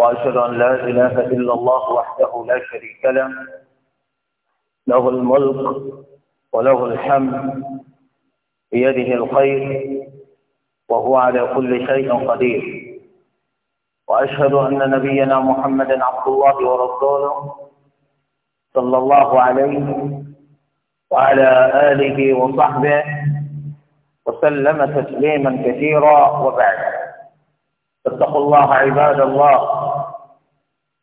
وأشهد أن لا إله إلا الله وحده لا شريك له له الملك وله الحمد بيده الخير وهو على كل شيء قدير وأشهد أن نبينا محمدا عبد الله ورسوله صلى الله عليه وعلى آله وصحبه وسلم تسليما كثيرا وبعد فاتقوا الله عباد الله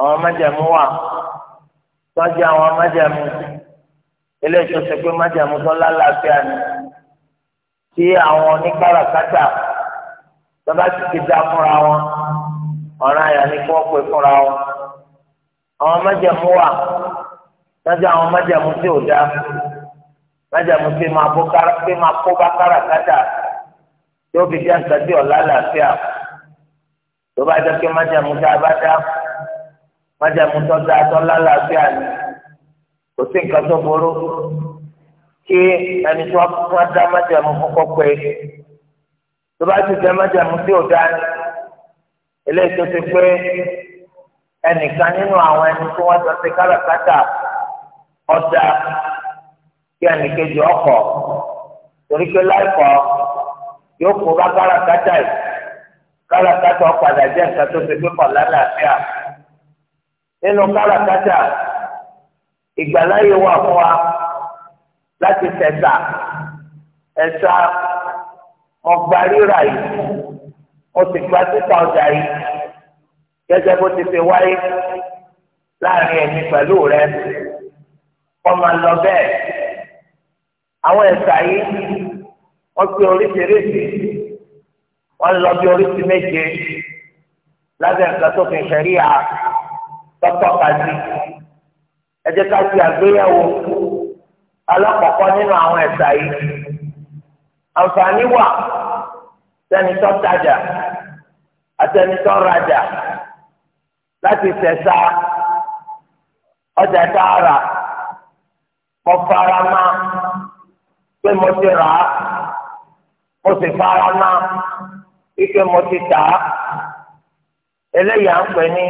àwọn májàmú wà tọ́jú àwọn májàmú eléyìí tó ṣe pé májàmú tó lálàáfíà ni tí àwọn oníkàràkátà tọ́ba ti ti dá fúnra wọn ọ̀ràn àyà ni kí wọ́n pè fúnra wọn àwọn májàmú wà tọ́jú àwọn májàmú tí ò dá májàmú tí máa bó kára tí máa kó bá kàràkátà tí ó fi dá nǹkan tí ò lálàáfíà tó bá jẹ́ pé májàmú tá a bá dá májàmú tọ́jú atọ́lá làásìá ni kò sí nǹkan tó burú kí ẹni tó wá dá májàmú fún kọ́kọ́ ẹ tó bá ti jẹ májàmú tí ò dá ni eléyìí tó ti pé ẹnìkan nínú àwọn ẹni tó wọ́n jọ ti káràkátà ọ̀dà kí ẹnìkejì ọkọ̀ torí pé láìpọ̀ yóò kó bá káràkátà yìí káràkátà ọ̀padà jẹ́ nǹkan tó ti pé kọ̀ lálàáfíà nínú káràkátà ìgbàláyé wà fún wa láti tẹ̀sà ẹ̀sà ọgbà rírà yìí mo sì gba títà ọjà yìí gẹ́gẹ́ bó ti fi wáyé láàrin ẹ̀mí pẹ̀lú rẹ wọ́n máa lọ bẹ́ẹ̀ àwọn ẹ̀sà yìí wọ́n pe oríṣiríṣi wọ́n lọ bí oríṣi méje lábẹ́ nǹkan tó fi ṣẹ̀ríyà tọ́tọ́ ka sí ẹ jẹ́ ká fi àgbéyẹ̀wò alákọ̀ọ́kọ́ nínú àwọn ẹ̀sà yìí àǹfààní wà sẹ́nitọ́ tajà àtẹnitọ́ rajà láti tẹ̀sà ọjà tààrà kọ farama pé mo ti rà á mo sì farama ike mo ti tà á eléyà ń pè ní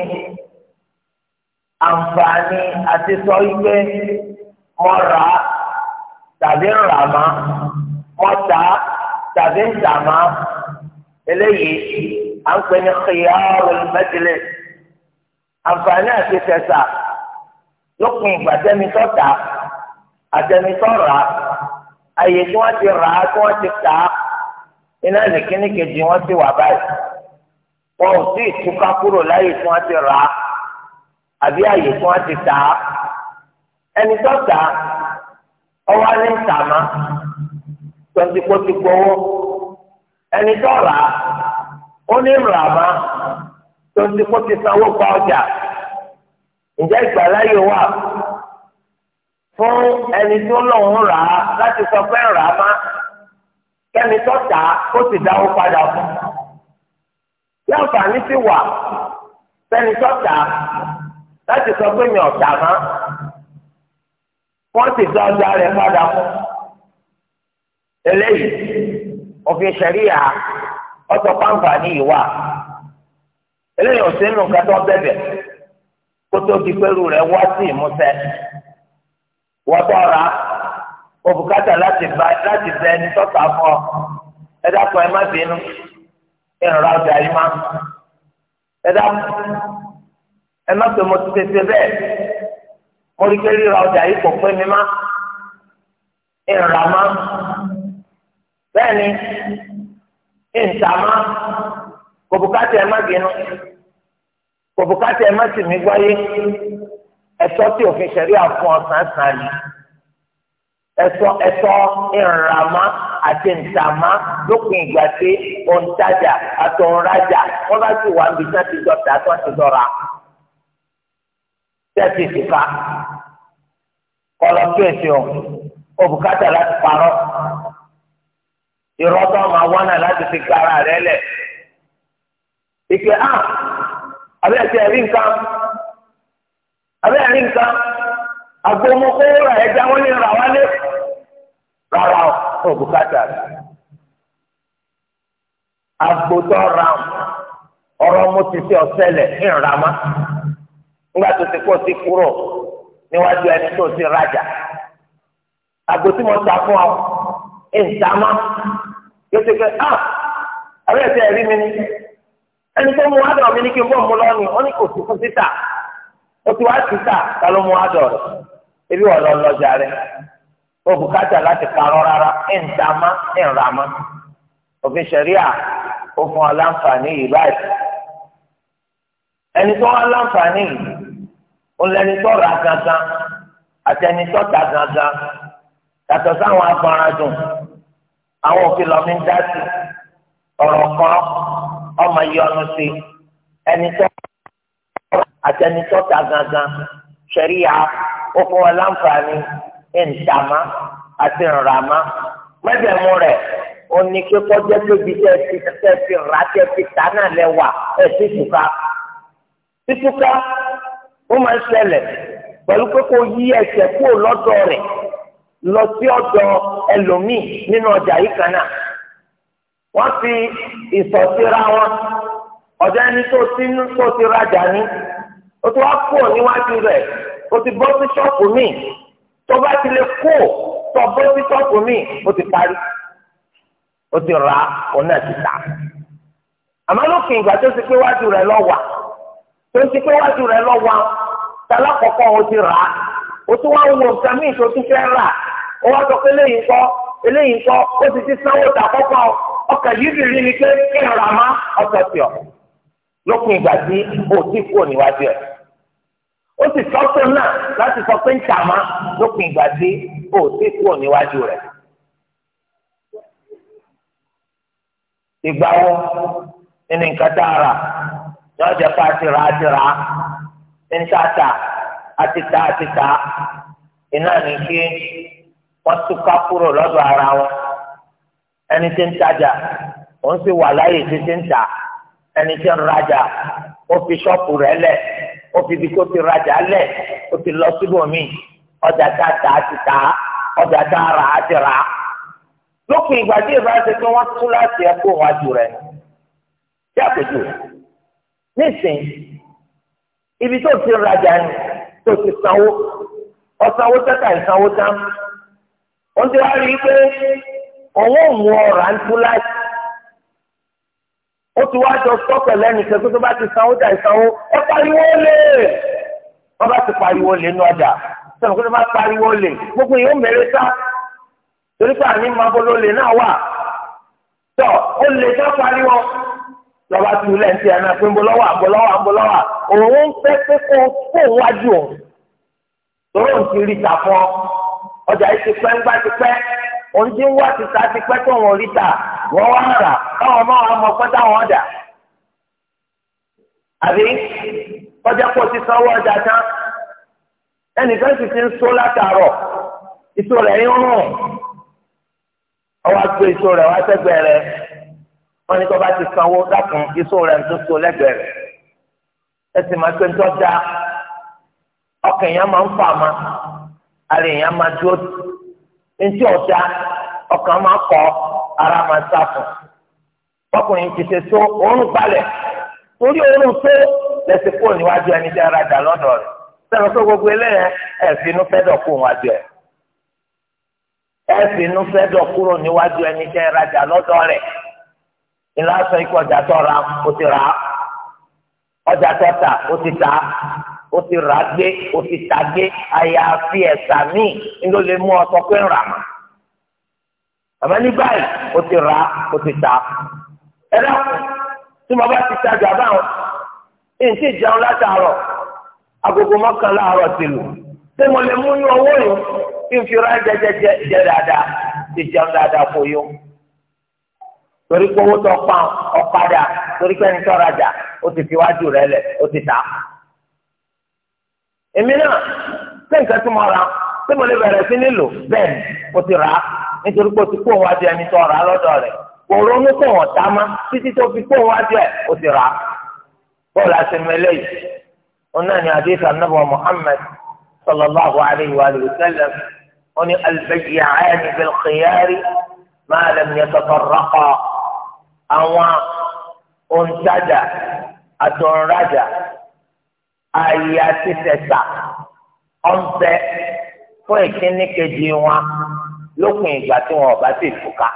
àǹfààní àti sọ wípé mo rà á tàbí ń rà má mo tà á tàbí ń tà má eléyìí à ń pè ní khiyarul majlis àǹfààní àti tẹ̀sà lókun ìgbà tẹ́ni tó tà àtẹni tó rà á àyè tí wọ́n ti rà á tí wọ́n ti tà á iná ìlẹ̀kíní kejì ti wà báyìí wọn ò tí ì túká kúrò láyè tí wọ́n ti rà àbí àyè fún wa ti tà á ẹni tó tà á ọwọ́ ní ntàmá owó ẹni tó rà á ó ní tọ́sípọ́sísanwó pa ọjà ǹjẹ́ ìgbàláyè wà fún ẹni tó rà á láti sọ pé kẹ́ni tó tà á ó sì dáwó padà fún yóò fà láti sọ pé mi ọ̀tà mọ́ wọ́n ti gba ọjà rẹ̀ padà fún eléyìí òfin ṣẹ̀ríyà ọ̀tọ̀ ní ìwà eléyìí ọ̀sẹ̀ nù kẹtọ́ bẹ̀bẹ̀ kó tó di pẹ́rù rẹ̀ wá sí ìmúṣẹ wọ́n láti bá láti bẹ ẹni fún ọ ẹ dákun ẹ má pé mo ti tètè bẹ́ẹ̀ mo rí pé ríra ọjà yìí kò pé mi má ìrà má bẹ́ẹ̀ ni ìta má kò bùkátà ẹ má bínú kò bùkátà ẹ má sì mí gbáyé ẹ̀tọ́ tí òfin ṣẹlẹ àfún ọsàn sàn yìí ẹ̀tọ́ ẹ̀tọ́ ìrànmá àti ntàmá lópin ìgbà tí òǹtajà àtọ̀ǹrajà wọn bá sì wà níbi tí ti dọ̀tà tí dọ̀ra. tẹ́tí ìsìká kọlọ tó èsì o òbúkátà láti parọ́ irọ́ ọmọ ike a ah, abẹ́ ẹ̀sẹ̀ ẹ̀rí nǹkan abẹ́ ẹ̀rí nǹkan agbomokowó rà ẹja wọn ni rà wálé rárá òbúkátà agbótọ́ ịnrama. nígbà tó ti pọ̀ sí kúrò níwájú ẹni tó ti rajà àgbo tí mo ta fún ọ ìdámá yóò pé ah àbẹ ẹsẹ ẹrí mi ni ẹni tó mú adọ mi ní kí n bọ mú lọ́ọ̀nì ó ní kò sí fún títà ó ti wá títà ká ló mú adọ rẹ ebi wọn lọ lọjà rẹ òbúkátà láti parọ́ rárá ìdámá ìràmá òfin ṣẹ̀ríà ó fún ọ láǹfààní yìí báyìí ẹni tó wá láǹfààní yìí olùdẹ́nitọ́ ra gangan àtẹnitọ́ ta gangan yàtọ̀ sáwọn afarajùn àwọn òfin lọ́mí ń dá sí ọ̀rọ̀ kan ọmọ yọnu sí ẹnitọ́ àtẹnitọ́ ta gangan ṣẹ̀ríya ó fún wọn láǹfààní ìǹtàmá àti ìràmá mẹ́tẹ̀ẹ̀mú rẹ̀ ó ní kí kọjá tóbi tẹ́ fi rà tẹ́ fi tà náà lẹ́wà ẹ̀ sí tùkà títúkà ó máa ń ṣẹlẹ̀ pẹ̀lú pé kó yí ẹsẹ̀ kúrò lọ́dọ̀ rẹ̀ lọ sí ọ̀dọ̀ ẹlòmíì nínú ọjà yìí kan náà wọ́n fi ìsọ̀síra wọn ọ̀dọ̀ ẹni tó ti ń tó ti rajà ní o ti wá kúrò níwájú rẹ̀ o ti bọ́ sí ṣọ́ọ̀pù míì tó bá ti lè kó tó bọ́ sí ṣọ́ọ̀pù míì o ti parí o ti ra òun náà ti tà àmọ́ lókè ìgbà tó ti pé wájú rẹ̀ lọ wà tó ń ti pé wájú rẹ lọ wa tala kọ̀kọ́ o ti rà á o tún wá wo nǹkan tó tún fẹ́ rà o wá sọ pé eléyìí kọ́ eléyìí kọ́ o sì ti sanwó ta kọ́kọ́ ọkàn yìí sì rí ni pé kí n rà má ọ̀sẹ̀ tì ọ́ lópin ìgbà tí o ti kú níwájú ẹ̀ ó sì sọ́tò náà láti sọ pé ń tà má lópin ìgbà tí o ti kú níwájú rẹ̀. ìgbà wo ni nǹkan tá a rà yọ jẹ pa àtìrà àtìrà ntàtà àtìtà àtìtà iná ní kí wọn túká kúrò lọ́dọ̀ ara wọn ẹni tí ń tajà òun sì wà láyè tí ti ń tà ẹni tí ń rajà ó fi ṣọ́ọ̀pù rẹ̀ lẹ̀ ó fi ibi kó ti rajà lẹ̀ ó ti lọ síbòmíì ọjà tá a tà á ti tà á ọjà tá a rà á ti rà á lópin ìgbà tí ìbára ṣe pé tún láti ẹ̀kọ́ wájú rẹ̀ ní nísìnyí ibi tó ti rajà ni tó ti sanwó ọ̀sanwó tẹ́tà ìsanwó tán ó ti wá rí i pé òun ò jọ tó bá ti sanwó ìsanwó ẹ pariwo lè bá ti pariwo lè gbogbo yìí ó sá torí pé àní máa bọ́ náà wà tọ́ pariwo. lọba tí ilé ń tiẹ̀ náà pé ń lọ́wọ́ àbọ̀ lọ́wọ́ àbọ̀ lọ́wọ́ òun ń fẹ́ pé kó kó wájú òun ń ti rí ta fún ọ ọjà yìí ti pẹ́ ń gbá ti pẹ́ òun ti ń wá ti ta ti pẹ́ tó wọn rí ta ọjà àbí ọjà pọ̀ ti sanwó ọjà tán ẹnìkan sì ti ń so látàárọ̀ ìṣó rẹ̀ ń rùn ọwọ́ wọ́n ní kí wọ́n bá ti sanwó dákun iṣu rẹ̀ tó so lẹ́gbẹ̀ẹ́ rẹ̀ ẹ máa pé ńtọ́ da ọkàn èèyàn máa ń fà má ara èèyàn máa dúró ntí ọ̀dà ọkàn máa kọ́ ara máa sá fún ọkùnrin ti ṣe tó òórùn balẹ̀ torí òórùn tó níwájú ẹni tí ara dà lọ́dọ̀ rẹ̀ gbogbo eléyẹn níwájú ẹ̀ níwájú ẹni tí ara dà lọ́dọ̀ rẹ̀. ńlá sọ ikú ọjà tó ra ó ti rà á ọjà tó tà ó ti tà á ó ti rà á gbé ó ti tà á gbé àyàfi ẹ̀sà míì ńlọ lè mú ọsọ pé ń rà mà àmọ́ ní báyìí ó ti rà á ó ti tà ẹ dákun tí mo bá ti tajà báwọn ní ti jẹun látàárọ̀ agogo mọ́kànlá àárọ̀ ti lù ṣé mo lè mú yín owó yìí kí n fi ra jẹjẹjẹ jẹ dáadáa ti jẹun dáadáa fún yín torí pé owó tó pa ọ̀padà torí pé ẹni tó rajà ó ti fi wájú rẹ lẹ̀ ó ti tà. èmi náà ṣé nǹkan tí mo ra tí mo lè bẹ̀rẹ̀ sí nílò bẹ́ẹ̀ ni mo ti rà á nítorí pé o ti kó òun wájú ẹni tó rà á lọ́dọ̀ rẹ̀ kò ronú kó wọ́n ta má títí tó fi kó òun wájú ẹ̀ o ti rà á. bọ́ọ̀lù àtìmẹ́lẹ́ yìí wọn náà ni adé sànàbọ̀ Muhammad sallallahu alayhi wa sallam wọn ni albayya'ani bil khiyari ma lam yatafarraqa àwọn òǹtajà àtọ̀nrajà ààyè àti tẹ̀sà ọ̀nbẹ fún ìkíní kejì wọn lópin ìgbà tí wọn ọba ti túká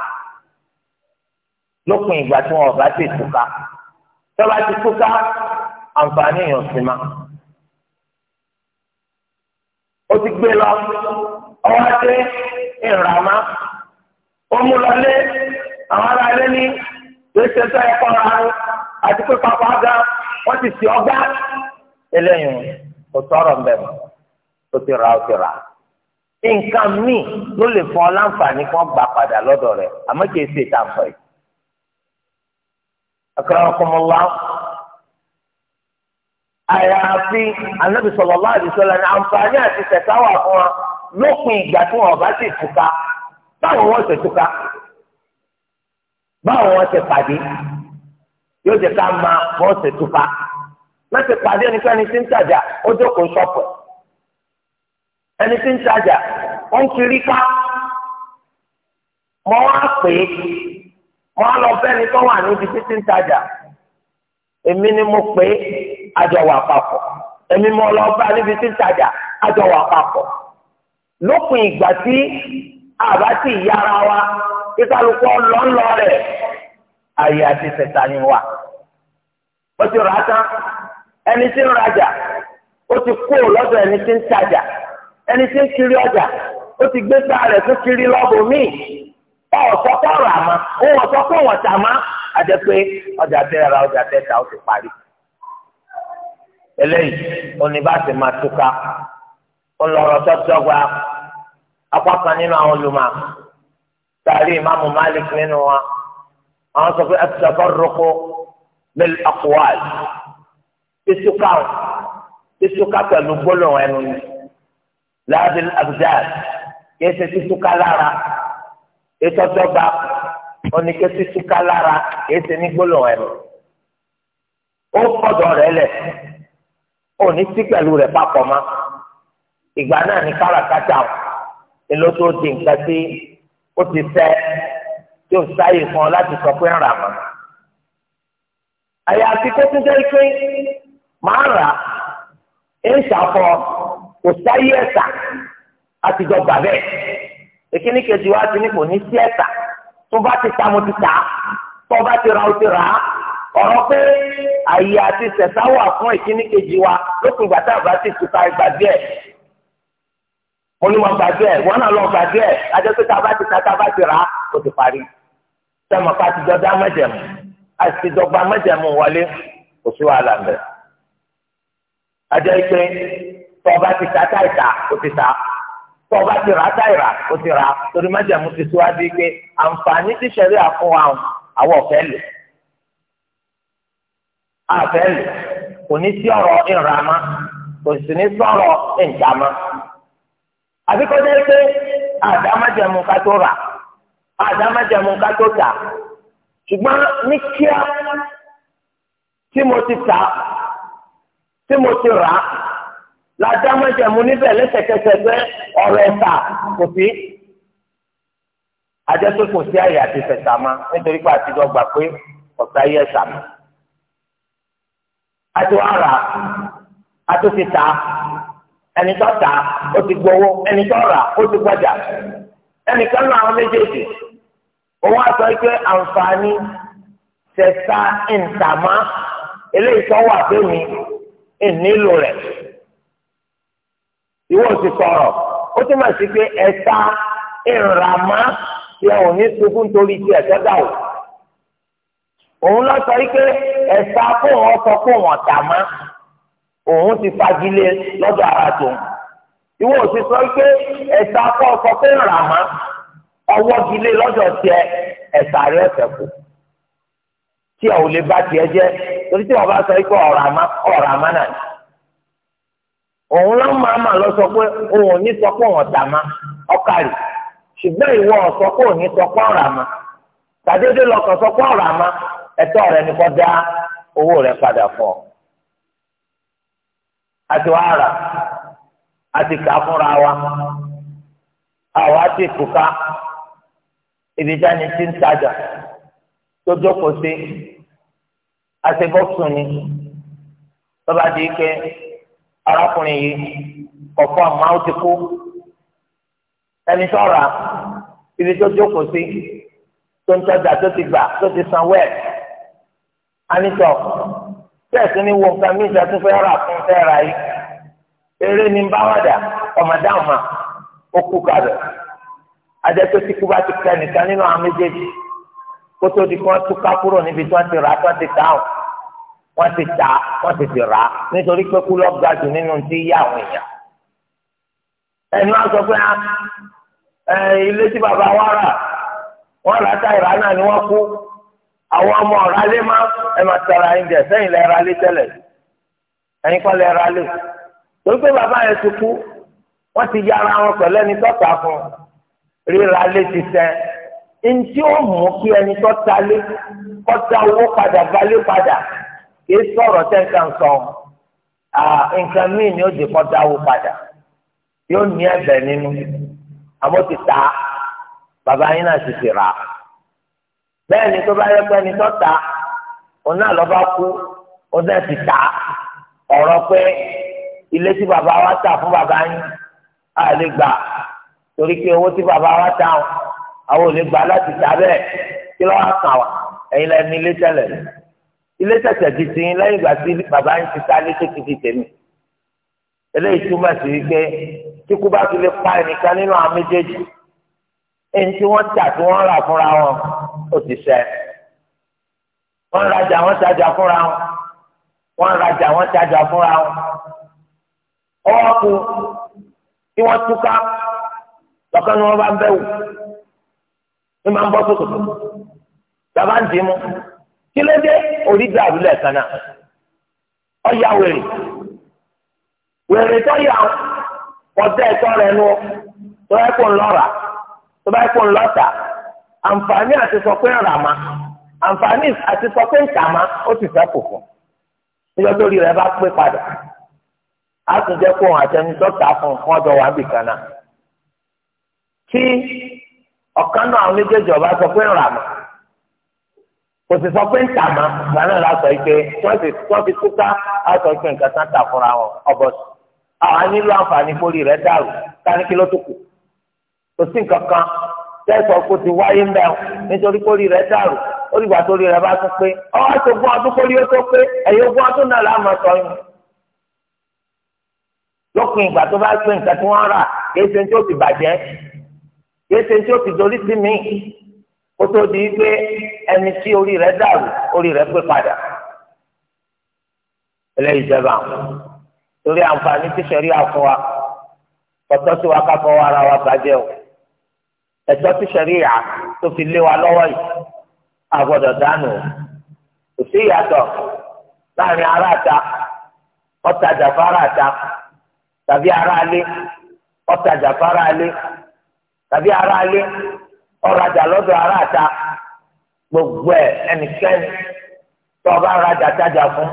lópin ìgbà tí wọn ọba ti túká tọ́ba ti túká àǹfààní yàn sí ma ó ti gbé lọ ọwọ́ dé ìrànmá ó mú lọ lé àwọn ará ilé ní. tẹsẹ tó yẹ kọra ọ àti pé pàpà ga wọn ti sì ọgbà eléyìí kò sọ̀rọ̀ ń bẹ mọ ti ra ti ra nǹkan míì ló lè ọ láǹfààní gbà padà lọ́dọ̀ rẹ̀ àmọ́ kìí ṣe ìtàǹfà yìí akramakumullah àyàfi anabi sallallahu alaihi àǹfààní àti tẹsáwà fún wa lópin ìgbà tí wọn Báwọn wọn ṣe pàdé yóò jẹ ká máa bọ́ọ̀sì tufa wọ́n ti pàdé ẹnikẹ́ni tí ń tajà ó jókòó ṣọ́pù ẹni tí ń tajà ó ń kiri ká mọ́ wá pé mọ́ á lọ bẹ́ni tó wà níbi títí ń tajà èmi ni mo pé àjọ wà papọ̀ èmi mo lọ bá níbi tí ń tajà àjọ wà papọ̀ lópin ìgbà tí àbá ti yára wa. kíkálukú ọlọ́ọ̀lọ́ rẹ̀ ayé àti tẹ̀sà ni wà. ó ti rà á tán ẹni tí ń rajà ó ti kó lọ́dọ̀ ẹni tí ń ẹni tí ń kiri ọjà ó ti gbé sáà rẹ̀ tó kiri lọ́bùn míì ọ̀sọ́ kọ́ ọ̀rọ̀ àmọ́ òun pé ọjà ọjà ó ti parí. eléyìí bá ti máa túká sàárì ìmáàmù Malik nínú wa àwọn sọ pé àtàbọ̀rọ̀kọ bẹ́ẹ̀ àkùwàl ìsúká ìsúká pẹ̀lú gbólóhùn ẹnu ni láàbí abdul kìí ṣe títúká lára ìtọ́jọ́gba oníke títúká lára kìí ṣe ní gbólóhùn ẹnu ó kọ́dọ̀ rẹ̀ lẹ̀ ó ní sí pẹ̀lú rẹ̀ papọ̀ ma ìgbà náà ní káràkátà èlò tó di nǹkan ó ti fẹ́ tí ó sáyè fún ọ láti sọ pé ń rà mọ́. àyàfi kó tún jẹ́ pé màá rà ń ṣàfọ kò sáyè ẹ̀sà àtijọ́ gbà bẹ́ẹ̀ èkíní kejì wa ti ní kò ní sí ẹ̀sà tó bá ti ta mo ti tà á tó bá ti ra o ti rà á ọ̀rọ̀ pé àyè àti sẹ̀sá wà fún èkíní kejì wa lókùn ìgbà tá a bá ti tuka ìgbà díẹ̀ mo ní wọn gbàgbé ẹ wọn náà lọ gbàgbé ẹ adéṣe tá a bá ti ta tá a bá ti rà á o ti parí sẹmọ ká ti dọdá mẹjẹmú a ti dọ́gba mẹjẹmú wọlé kò sí wàhálà ń bẹ adéṣe tó o bá ti ta táì ta ti ta tó o ti rà táì rà ti rà torí mẹjẹmú ti síwájú pé àǹfààní ti ṣẹlẹ àfún wa àwọn ọ̀fẹ́ lò àfẹ́ lò kò ní sí ọ̀rọ̀ ìrànmá kò sì ní sọ̀rọ̀ ìjàmá àbí kọ́ jẹ́ pé àdámájẹ̀mú ká tó rà àdámájẹ̀mú ká tó tà ṣùgbọ́n ní kíá tí mo ti tà tí mo ti rà làdámájẹ̀mú níbẹ̀ lẹ́sẹ̀kẹsẹ̀ pé ọ̀rọ̀ ẹ̀ta kò sí àjẹsọ kò sí àyè àti fẹsàmà nítorí pé àtijọ́ gbà pé ọ̀tá yẹ sàmì àti wàrà àti fìtà. ẹni tó tà ó ti gbowó ẹni tó rà ó ti gbọ́jà ẹnìkan náà àwọn méjèèjì òun àtọ́ pé àǹfààní tẹ̀sà ìǹtàmá eléyìí tó wà pé mi ìnílò rẹ̀ ìwọ ti sọ̀rọ̀ ó túmọ̀ sí pé ìrànmá tí ò ní o òun lọ sọ pé ẹ̀sà kóhùn ọkọ̀ kóhùn òun ti fagilé lọ́dọ̀ ara tòun ìwọ ò sọ pé ẹ̀sà ọkọ pé ń rà má ọwọ́ lọ́dọ̀ tiẹ̀ ẹ̀sà rẹ̀ ọ̀sẹ̀ kù tí ò lè bá tiẹ̀ jẹ́ torí tí wọ́n bá sọ pé ọ̀rà má ọ̀rà má òun ló máa mà lọ sọ pé òun ò ní sọ pé òun má àti wàá rà àti kà fúnra wa àwa ti tùka ibi jáde ti ń tajà tó jókòó sí àti bọ́ọ̀sù ni lọ́ba di ike arákùnrin yìí ọ̀pọ̀ àmọ́ ó ti kú ẹni sọ̀ra ibi tó jókòó sí tó ń tajà tó ti gbà tó ti sanwó ẹ̀ anítọ̀ tẹ̀sí ni wọ́n nǹkan míì sẹ́tún fẹ́ rà fún fẹ́ ra yìí eré ni báwádà ọ̀mọ̀dáhùn mà ó kú kalẹ̀ adẹ́tọ́ tí kú bá ti kẹ́ nìkan nínú àwọn méjèèjì kó tó di kí wọ́n túká kúrò níbi tí wọ́n ti rà tí wọ́n ti tà ó wọ́n ti tà wọ́n ti ti rà nítorí pé kú lọ́gà jù nínú ti yá àwọn èèyàn ẹni wọ́n sọ pé ah, ilé tí bàbá wa rà wọ́n rà táyà náà ni wọ́n kú àwọn ọmọ ọ̀rá lé má ẹ máa tara ẹ̀ǹdẹ̀ sẹ́yìn lẹ́ra lé tẹ́lẹ̀ ẹ̀yin kọ́ lẹ́ra lé torí pé bàbá yẹn ti kú wọ́n ti yára wọn pẹ̀lú ẹni tọ́ta fún ríra lé ti sẹ́ ntí ó mú kí ẹni tọ́ta lé kọ́ta owó padà balé padà kì í sọ̀rọ̀ tẹ́ǹkan sọ nǹkan míì ni ó di kọ́ta owó padà yóò ní ẹ̀bẹ̀ nínú àmọ́ ti ta bàbá yín náà ti ti rà á bẹ́ẹ̀ ni tó bá yẹ pé ẹni tó ta òun náà lọ́ bá kú òun náà ti ta ọ̀rọ̀ pé ilé tí bàbá wa tà fún bàbá yín a lè gbà torí pé owó tí bàbá wa tà ọ àwọn ò lè gbà láti tà bẹ́ẹ̀ kí lọ́wọ́ kàn wá ẹ̀yin lẹ́nu ilé tẹ̀lẹ̀ ilé tẹ̀tẹ̀ ti ti yín lẹ́yìn ìgbà tí bàbá yín ti ta ilé tó ti ti tèmi eléyìí túmọ̀ sí wípé kíkú bá fi lè pa ẹnìkan nínú àwọn méjèèjì. ẹni tí wọ́n tà tí wọ́n fúnra wọn o ti sẹ́ wọ́n rajà wọ́n tajà fúnra wọn wọ́n fúnra wọn tí túká ni bá ń ní máa ń bàbá ń kí ló dé orí kan náà wèrè wèrè tó yà tó bá kó ńlọ́tà àǹfààní àti sọ pé ń rà má àǹfààní àti sọ pé ń tà má ó sì fẹ́ kò fún níjọ́ tó rí rẹ̀ bá pé padà á tún jẹ́ kó àtẹni dọ́tà fún wọn jọ wà bì kan náà tí ọ̀kan náà àwọn méjèèjì ọba sọ pé ń rà má kò sì sọ pé ń tà má ìgbà náà la sọ pé wọ́n sì wọ́n fi túká á sọ pé nǹkan tán tà fúnra wọn ọ̀bọ̀ àwọn nílò àǹfààní kórìí rẹ̀ dàrú ká kí ló tó kù kò sí nǹkan kan tẹ́sọ̀ kó ti wáyé ń bẹ̀ ọ́ nítorí kórì rẹ̀ dàrú olùgbà tó rí rẹ̀ bá tún pé ọ́ tó gbọ́n ọdún kórì ó tó pé ẹ̀yẹ ogún ọdún náà láàmú sọ yín. lópin ìgbà tó bá pé nǹkan tí wọ́n rà kìí ṣe tí ó ti bàjẹ́ kìí ṣe tí ó ti dorí sí mi kó tó di pé ẹni tí orí rẹ̀ dàrú orí rẹ̀ pé padà. eléyìí jẹba torí àǹfààní tíṣẹ̀rí àfọwà ọ̀tọ́ sí wa ká fọwọ́ ara wa bàjẹ́ o ẹ̀tọ́ tí sẹ̀ríyà tó fi lé wa lọ́wọ́ yìí a gbọ́dọ̀ dánù kò sí ìyàtọ̀ láàrin aráàta ọ̀tajà fáráàta tàbí aráalé ọ̀tajà fáráalé tàbí aráalé ọ̀rajà lọ́dọ̀ aráàta gbogbo ẹ̀ ẹnikẹ́ni tó o bá rajà tajà fún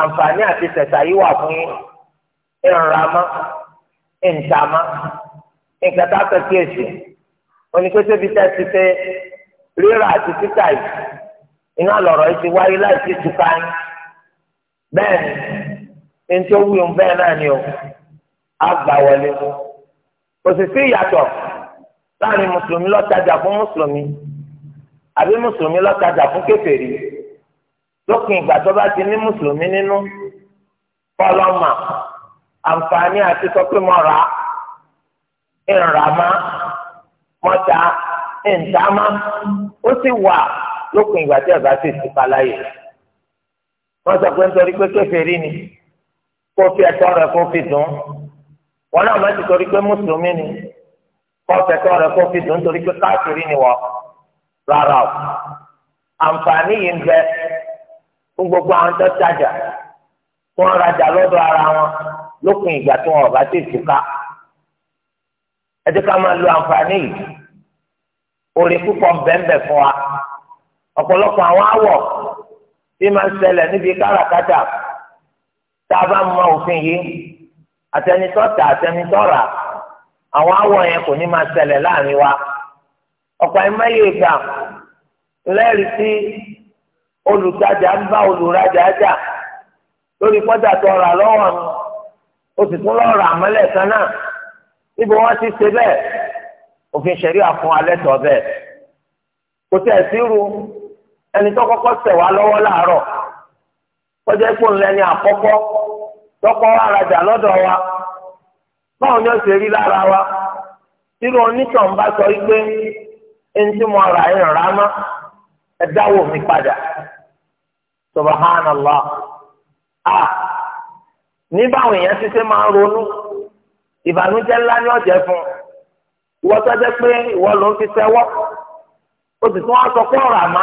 àǹfààní àti tẹ̀sà yìí wà fún yín ìrànlámọ́ ìntàmọ́ nǹkan tá oníkóso bíi tá a ti fẹ́ rírà àti títà yìí iná lọ̀rọ̀ yìí ti wáyé láti túká yín bẹ́ẹ̀ ni ní tí ó wí òun bẹ́ẹ̀ náà ni o á gbà wọlé kò sì sí ìyàtọ̀ láàrin mùsùlùmí lọ́tajà fún mùsùlùmí àbí mùsùlùmí lọ́tajà fún kèfèrí lókun ìgbà tó bá ti ní mùsùlùmí nínú fọlọ́mà àǹfààní àti sọ pé mo mọ́ta ẹ̀ǹtàmá ó sì wà lópin ìgbà tí ọ̀gá sì ti paláyè wọ́n sọ pé nítorí pé kèfèrí ni kó fi ẹ̀tọ́ rẹ̀ kó fi dùn wọn náà má ti torí pé mùsùlùmí ni kó fi ẹ̀tọ́ rẹ̀ kó fi dùn torí pé káàkiri ni wọ́n rárá o àǹfààní yìí ń bẹ fún gbogbo àwọn tó tajà tí wọ́n rajà ara wọn lópin ìgbà tí wọn ọ̀gá sì ti ẹ jẹ́ ká máa lo àǹfààní yìí orí púpọ̀ bẹ́ẹ̀nbẹ́ fún wa ọ̀pọ̀lọpọ̀ àwọn àwọ̀ tí máa ń ṣẹlẹ̀ níbi káràkátà tá a bá mọ òfin yìí àtẹnitọ́ tà àtẹnitọ́ rà àwọn àwọ̀ yẹn kò ní máa ṣẹlẹ̀ láàrin wa ọ̀pọ̀ ẹ̀ mẹ́yẹ ìgbà lẹ́rìí sí olùtajà ń bá olùrajà jà lórí pọ́jà tó rà lọ́wọ́ mi o sì tún lọ́ọ́ rà mọ́lẹ̀ kan níbo wọ́n ti ṣe bẹ́ẹ̀ òfin ṣẹ̀ríà fún alẹ́ tọ́ bẹ́ẹ̀ kò tẹ̀ sírú ẹni tó wá lọ́wọ́ kọjá ikú ni àkọ́kọ́ tọkọ arajà lọ́dọ̀ wa báwo ni ó ṣe rí lára wa sírú onítàn bá sọ wípé ẹni tí mo rà ẹ̀ rà ẹ dáwọ́ mi padà a ní báwọn èèyàn ti ṣe máa ìbànújẹ́ ńlá ni ọ̀jẹ̀ fún ìwọ tó jẹ́ pé ìwọ ló ń fi sẹ́wọ́ o sì tún wá sọ pé ọ̀rọ̀ àmá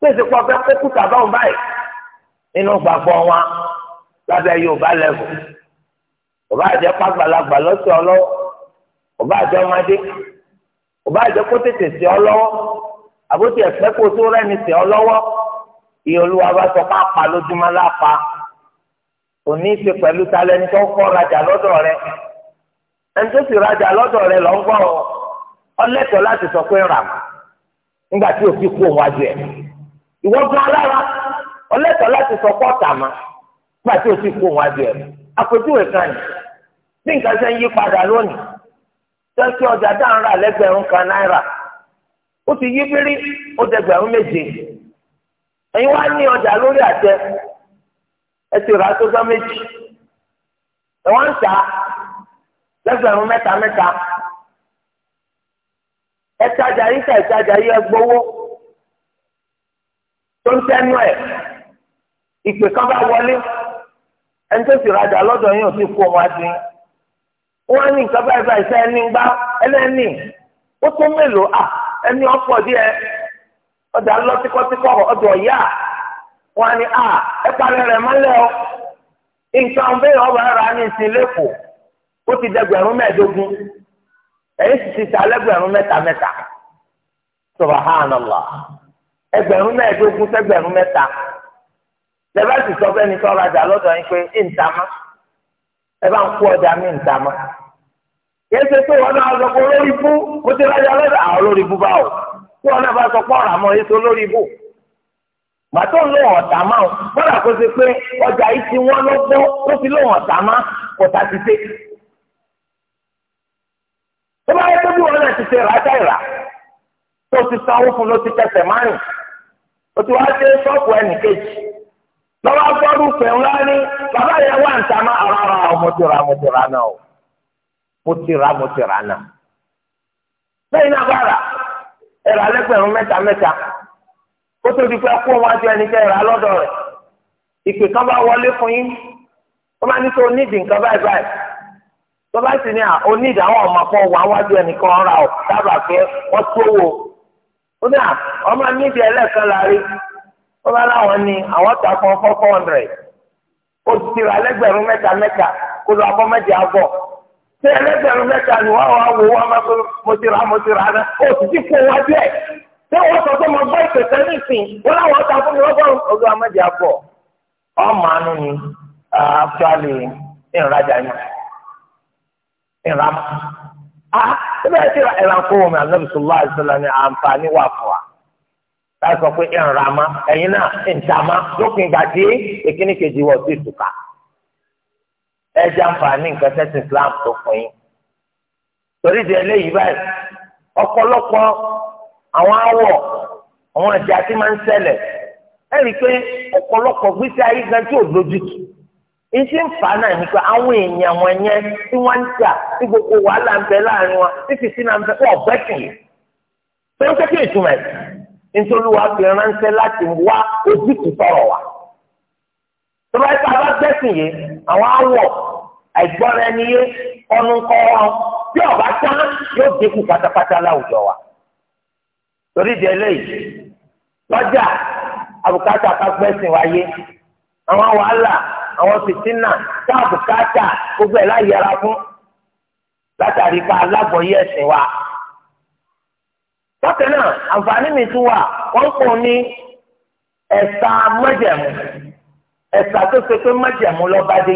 pèsè pọ̀ fẹ́ kó kùtà báwọn báyìí nínú gbàgbọ́ wọn lábẹ́ Yorùbá lẹ́vù ọba àjẹ́ pàgbàlagbà lọ́sẹ̀ ọlọ́wọ́ ọba àjẹ́ ọmọdé ọba àjẹ́ kó tètè sí ọ lọ́wọ́ àbótí ẹ̀fẹ́ kó tó rẹ́ni sí ọ lọ́wọ́ ìyẹn olúwa bá sọ pé àpá lójúmọ́ lápá kò ní í ṣe pẹ̀lú talẹ́ni tó rajà lọ́dọ̀ rẹ ẹni tó sì rajà lọ́dọ̀ rẹ lọ́ ń gbọ́ ọlẹ́tọ̀ láti sọ pé rà nígbà tí òfin kú òun wájú ẹ̀ ìwọ alára láti sọ pé ọ̀tà mà nígbà tí òfin kú òun wájú ẹ̀ àpèjúwe kan ní bí nǹkan ṣe ń yí padà lónìí ọjà dáhùn rà lẹ́gbẹ̀rún kan náírà ó ti yí ó dẹgbẹ̀rún ẹ ti rà méjì ẹ wọ́n ń mẹta lẹ́gbẹ̀rún mẹ́ta yìí ká ẹ yìí ẹ tó ń tẹnu ẹ ìpè kan bá wọlé ẹni tó sì rajà lọ́dọ̀ yìí ò sì ní nǹkan ẹni gbá ó tó mélòó ẹni ọpọ ọjà wọn a ní à ẹ palẹ̀ o nǹkan ó ti dẹgbẹ̀rún mẹ́ẹ̀ẹ́dógún ẹ̀yìn sì ti ta mẹta mẹ́ta mẹ́ta subhanallah ẹgbẹ̀rún mẹ́ẹ̀ẹ́dógún sẹ́gbẹ̀rún mẹ́ta sọ fẹ́ni tó yín pé ẹ bá ń ọjà mi wọn náà sọ pé olórí ibú ti àwọn olórí ibú wọn náà bá sọ pé gbàtọ́ lóhùn ọ̀tá máa ń gbọ́dọ̀ kó ṣe pé ọjà yìí ti wọ́n lọ́gbọ́ ó fi lóhùn ọ̀tá máa kò tá ti ṣe. tó bá yẹ kó bí wọn náà ti ṣe rájà ìrà tó ti sanwó fún ló ti tẹsẹ̀ márùn ó ti wá dé ṣọ́ọ̀bù ẹnì kejì lọ́wọ́ gbọ́dọ̀ fẹ̀ ńlá ní bàbá yẹn wà ń ara ara mo ti ra mo ti ra náà o mo ti ra mo ti ra náà. lẹ́yìn náà bá rà ẹ̀rọ alẹ́gbẹ̀rún mẹ́ta mẹ́ta. kó tó di pé kó wọn ẹni kan bá wọlé fún yín wọ́n máa ní sọ onídìí nǹkan báyìí báyìí tó bá sì ní onídìí àwọn ọmọ kan wà wájú ẹnìkan ra ọ̀ dábàá pé wọ́n tó ó ní ọmọ nídìí ẹlẹ́ẹ̀kan wọ́n bá láwọn ní àwọn ta kan four hundred ó ti ra lẹ́gbẹ̀rún mẹ́ta mẹ́ta kó lọ abọ́ ṣé ẹlẹ́gbẹ̀rún mẹ́ta ni wọ́n wá wò wọ́n máa mo ti ra mo ti ra náà ó ti pé wọ́n sọ pé mo gbọ́ ìpèsè wọ́n láwọn ọ̀tá fún mi ọmọ ni actually yẹn a ìrànkó omi anabi sọlá àǹfààní wà fún wa láti sọ pé ìrànmá ẹ̀yin náà ìjàmá lópin ìgbà tí kejì wọ̀ sí ìtùkà ẹ jẹ́ àǹfààní nǹkan tẹ́sí Islam tó fún yín torí di eléyìí báyìí àwọn awọ àwọn àjà tí máa ń ṣẹlẹ̀ ẹ rí i pé ọ̀pọ̀lọpọ̀ gbèsè ayé tí ò lójútù iṣẹ́ ń fà náà nípa àwọn èèyàn wọn yẹn tí wọ́n ń jà tí gbogbo wàhálà ń bẹ láàrin wọn tí fìtínà ń bẹ wa. bá awọ àìgbọ́ra ẹni yé ọ̀bá tán yóò pátápátá torí di eléyìí lọ́jà àbùkátà kápẹ́sìn wáyé àwọn wàhálà àwọn fìtínà tá àbùkátà gbogbo ẹ̀ láyẹra fún látàrí ká alábọ̀yé ẹ̀sìn wa. bákan náà àǹfààní mi tún wà wọ́n pọ̀ ní ẹ̀sà májẹ̀mú ẹ̀sà tó ṣe pé májẹ̀mú lọ́bádé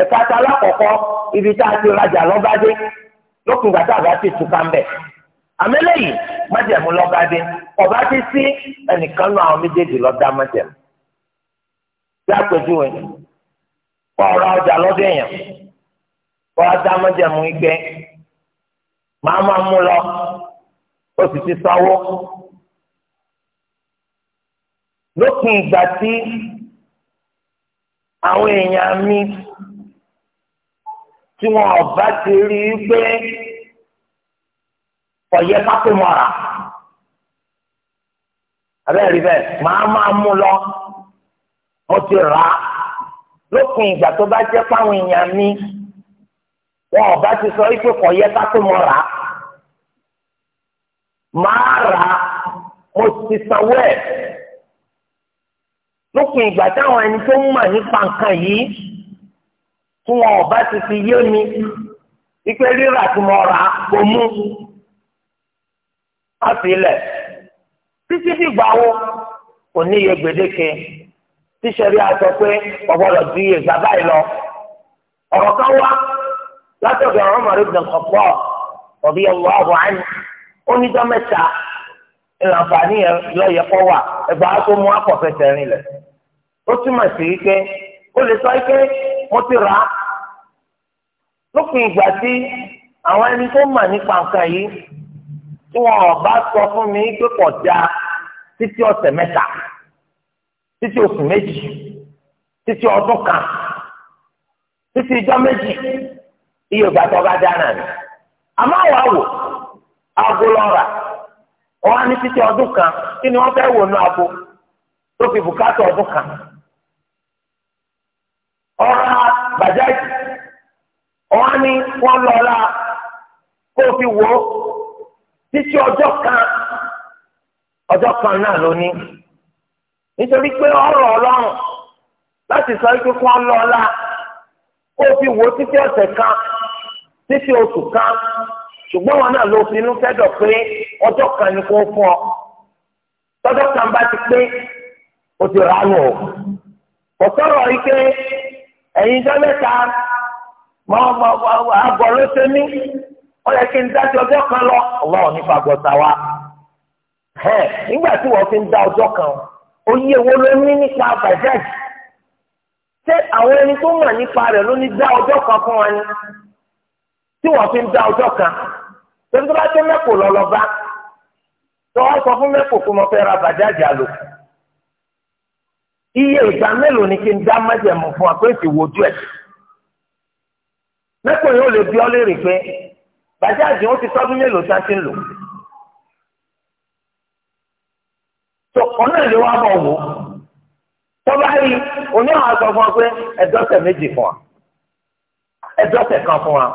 ẹ̀ka tá alákọ̀ọ́kọ́ ibi tá a ti rajà lọ́bádé lókùn gbàtà bá ti tù ká ń bẹ̀ àmẹ́lẹ́ yìí májẹ̀mú lọ́gádé ọba ti sí ẹnìkan náà àwọn méjèèjì lọ́dá májẹ̀mú. bí àpèjúwe kọ́ ọ̀rọ̀ ọjà lọ́dọ̀ èèyàn kọ́ ọjà májẹ̀mú igbe màá máa mú lọ ó sì ti sanwó. lópin ìgbà tí àwọn èèyàn mi tí wọn ọba ti rí i pé ọ̀yẹ́ pápẹ́ mọ́ra abẹ́rẹ́ bẹ́ẹ̀ màá máa mú lọ mo ti rà á lópin ìgbà tó bá jẹ́ páwọn èèyàn mi wọn ò bá ti sọ wípé kò yẹ ká tó mọ rà rà á mo ti sanwó ẹ̀ lópin ìgbà táwọn ẹni tó ń mọ̀ nípa nǹkan yìí tí wọn ò bá ti fi yé mi wípé rírà tí mo rà á kò mú á fi lẹ̀ títí dìgbà wo kò ní iye gbèdéke tíṣẹ̀rí aṣọ pé ọ̀gbọ́dọ̀ ju iye ìgbà báyìí lọ ọ̀rọ̀ kan wá látọ̀dọ̀ Umar ibn al-Khattab radiyallahu anhu onídọ́ mẹ́ta ìlànfààní yẹn lọ́yẹ kọ́ wà ẹgbà tó mú akọ̀fẹsẹ̀ rìn lẹ̀ ó túmọ̀ sí wípé ó lè sọ wípé mo ti rà á lópin ìgbà tí àwọn ẹni tó mà nípa nǹkan yìí tí wọn ọba sọ fún mi pé kò já títí ọ̀sẹ̀ mẹ́ta títí oṣù méjì títí ọdún kan títí ijọ́ méjì iye ìgbà tó bá dáná ni àmọ́ àwọn àwò aago lọ́ra wọn á ní títí ọdún kan kí ni wọ́n fẹ́ wò nú aago tó kan ọra wọn á ní títí ọjọ́ kan ọjọ́ kan náà ló ní nítorí pé ọ̀rọ̀ Ọlọ́run láti sọ pé kí wọn lọ ọlá kó fi wo títí ọ̀sẹ̀ kan títí oṣù kan ṣùgbọ́n wọn náà ló fi inú fẹ́dọ̀ pé ọjọ́ kan ni kò fún ọ tọ́jọ́ kan bá ti pé o ti rà nù o kò sọ̀rọ̀ ike pé ẹ̀yin jọ́ mẹ́ta mọ́ àgọ́ bọ̀ ṣe mí. ọyẹ kí n dájọ ọjọ́ kan lọ Ọlọ́run nípa gbọta wa ẹ nígbà tí wọ́n fi ń dá ọjọ́ kan oyè wo ló ní nípa bajaj ṣé àwọn ẹni tó mọ̀ nípa rẹ̀ ló ní dá ọjọ́ kan fún wa ni tí wọ́n fi ń dá ọjọ́ kan torí tó bá tó mẹ́kò lọ́lọ́ba tó wá sọ fún mẹ́kò kó mo ra bajaj àlò iye ìgbà mélòó ni kí n dá májẹ̀mú fún wa pé èsì wojú ẹ̀ mẹ́kò yóò lè bí ọ lérè pé bàjáàjì wọn ti tọ́dún mélòó tí wọ́n ti ń lò. tó ọ̀nà ìlú wa bọ̀ wò tó bá rí oní àwọn àgbà fún wa pé ẹ̀dọ́sẹ̀ méjì fún wa ẹ̀dọ́sẹ̀ kan fún wa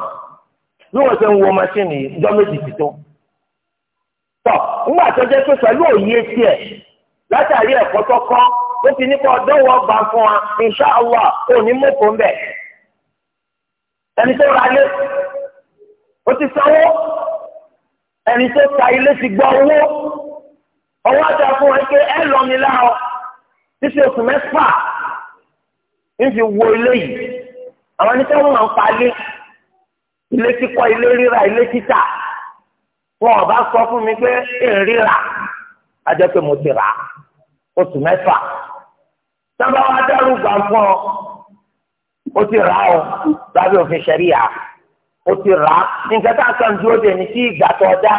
bí wọ́n ṣe ń wo maṣíìnì ìjọ́ méjì ti tó. tọ́ ńgbà tó jẹ́ pé pẹ̀lú òye tiẹ̀ látàrí ẹ̀kọ́ tó kọ́ ó ti ní kọ́ dánwò ọgbà fún wa inṣáàlá òní mọ́kò ń bẹ̀. ẹni tó ra lé ó ti sanwó ẹni tó ta ilé ti gba owó ọwọ́ àti àfún ẹ pé ẹ lọ mi láàrọ̀ títí oṣù mẹ́fà ń fi wo ilé yìí àwọn ẹni tó ń máa ń palé ilé kíkọ́ ilé rírà ilé títà wọn ò sọ fún mi pé èrírà ajẹ́ pé mo ti rà á oṣù mẹ́fà sábà wàá dárú fún ọ ó ti rà á o lábẹ́ òfin ṣẹ̀ríyà. o ti rà á nǹkan tá a kàn dúró de ní kí ìgbà tó dá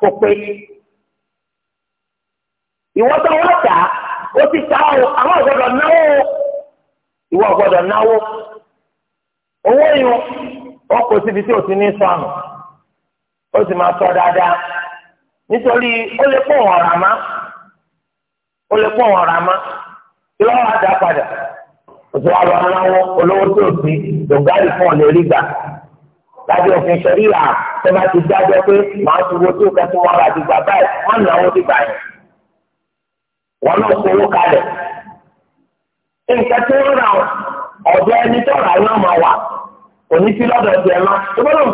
kó pé. tó tà ó ti ta ọ àwọn náwó ìwọ náwó owó yun o ti ní sọnù ó sì máa sọ dáadáa nítorí ó lè pọ̀ wọ́n ràmá ó lè pọ̀ wọ́n ràmá kí padà òtún olówó tó ti fún lábẹ́ òfin ṣẹ̀ríyà tó bá ti dájọ́ pé màá ti wo tó kẹ́tọ́ wọn bá gbà báyìí wọ́n nà wọ́n ti yẹn. wọ́n náà kó owó kalẹ̀. nǹkan tó ń ra ọ̀dọ́ ẹni tó rà yín ọmọ wa sí lọ́dọ̀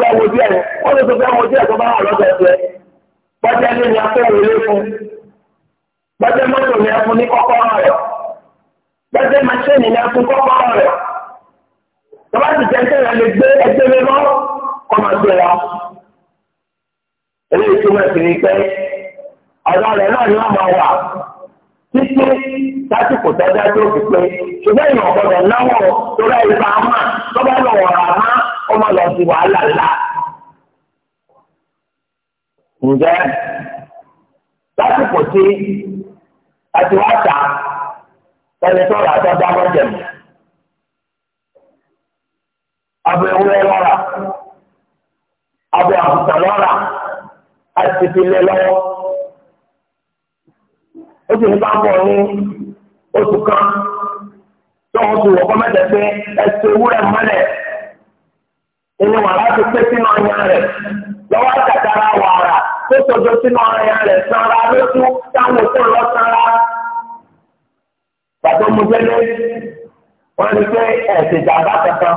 fẹ́ wo díẹ̀ ni wọ́n fẹ́ wo díẹ̀ tó bá wà lọ́dọ̀ ní ni a fẹ́ a a fún rẹ̀ ọmọ ẹgbẹ́ wa eléyìí túmọ̀ sí ni pé ọ̀dọ́ rẹ̀ náà ni wọ́n máa wà títí lásìkò tọ́jà tó fi pé ṣùgbọ́n ìmọ̀ ọ̀gbọ́dọ̀ náwó torí ìfà lọ wọ̀rọ̀ ọmọ lọ sí wàhálà ńlá. ǹjẹ́ tí a wá ta ẹni tó rà ọbẹ̀ àbùtà lọ́ra àti fi lé lọ́wọ́. ó sì ní bá bọ̀ ní oṣù kan tó wọn ti wọ̀ kọ́ mẹ́tẹ̀ pé ẹsẹ̀ ewúrẹ́ mọ́lẹ̀ inú wàrà ti pé sínú ọyàn rẹ̀ lọ́wọ́ àtàkàrà wàrà tó sọjọ́ sínú ọyàn rẹ̀ sanra lójú táwọn tó lọ sanra. bàtọ́ mo jẹ́lé wọ́n ní pé ẹ̀sìn ìjàmbá kankan.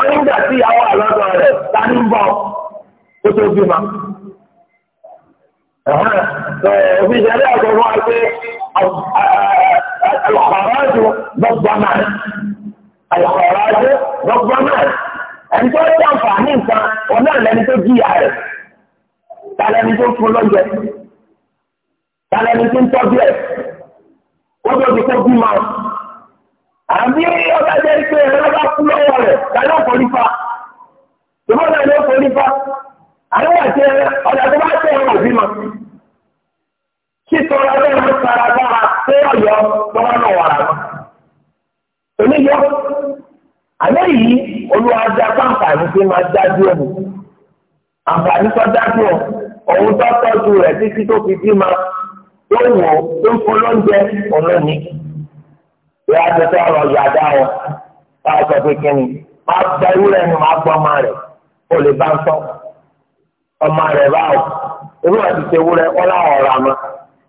wọ́n nígbà tí ìyàwó àlọ́dọ̀ rẹ̀ ta ní bọ̀ kó tó bímọ. òfin ìṣẹ̀lẹ̀ ọ̀gbọ̀n wa pé àlùkọ̀rọ̀jù gbọ́gbọ́n náà àlùkọ̀rọ̀jù gbọ́gbọ́n náà ẹni tó ń jàǹfààní nǹkan òun náà lẹni tó jìyà rẹ̀ ta lẹni tó fún lóúnjẹ ta lẹni tó ń tọ́jú ẹ̀ kó tó ti kó bímọ. àbí ọba jẹ́ pé ẹ̀rọ kú lọ́wọ́ rẹ̀ kálọ̀ forífa ìbọn náà ló forífa àwọn ọ̀dà tó bá ma sara dára ọ̀yọ́ náà oníyọ àlẹ́ yìí olùwàjà pàǹfààní tí máa dájú àǹfààní tó dájú tó tọ́jú rẹ̀ títí tó fi bí ma wọ̀ ìyá ti fẹ́ ọ̀rọ̀ yàdá o báwo sọ pé kíni máa gba ewúrẹ́ ni máa gbọ́ ọmọ rẹ̀ ó lè bá ń sọ ọmọ rẹ̀ báwo ewúrẹ́ ti ṣe ewúrẹ́ ó láwọn ọ̀rọ̀ àmọ́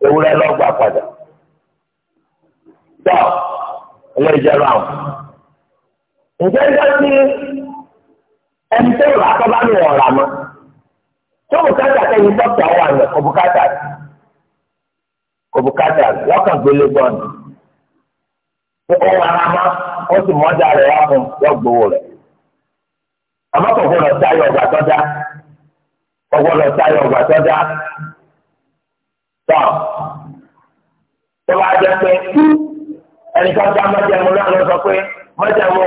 ewúrẹ́ lọ́gbà padà. tọ́ ilé ìjọba àwọn. ǹjẹ́ ń dájú ẹni tó rà á tọ́ bá mi ọ̀rọ̀ àmọ́ tó bùkátà kẹ́yìn dọ́kítà wà ní kò bùkátà lọ́kàn gbélé gbọ́n kókó wàrà má ó sì mọ́jà rẹ̀ wá fún yọ gbowó rẹ̀. àmọ́ kò gbọ́dọ̀ ọgbà tọ́já kò gbọ́dọ̀ ọgbà tọ́já tọ́ náà lọ sọ pé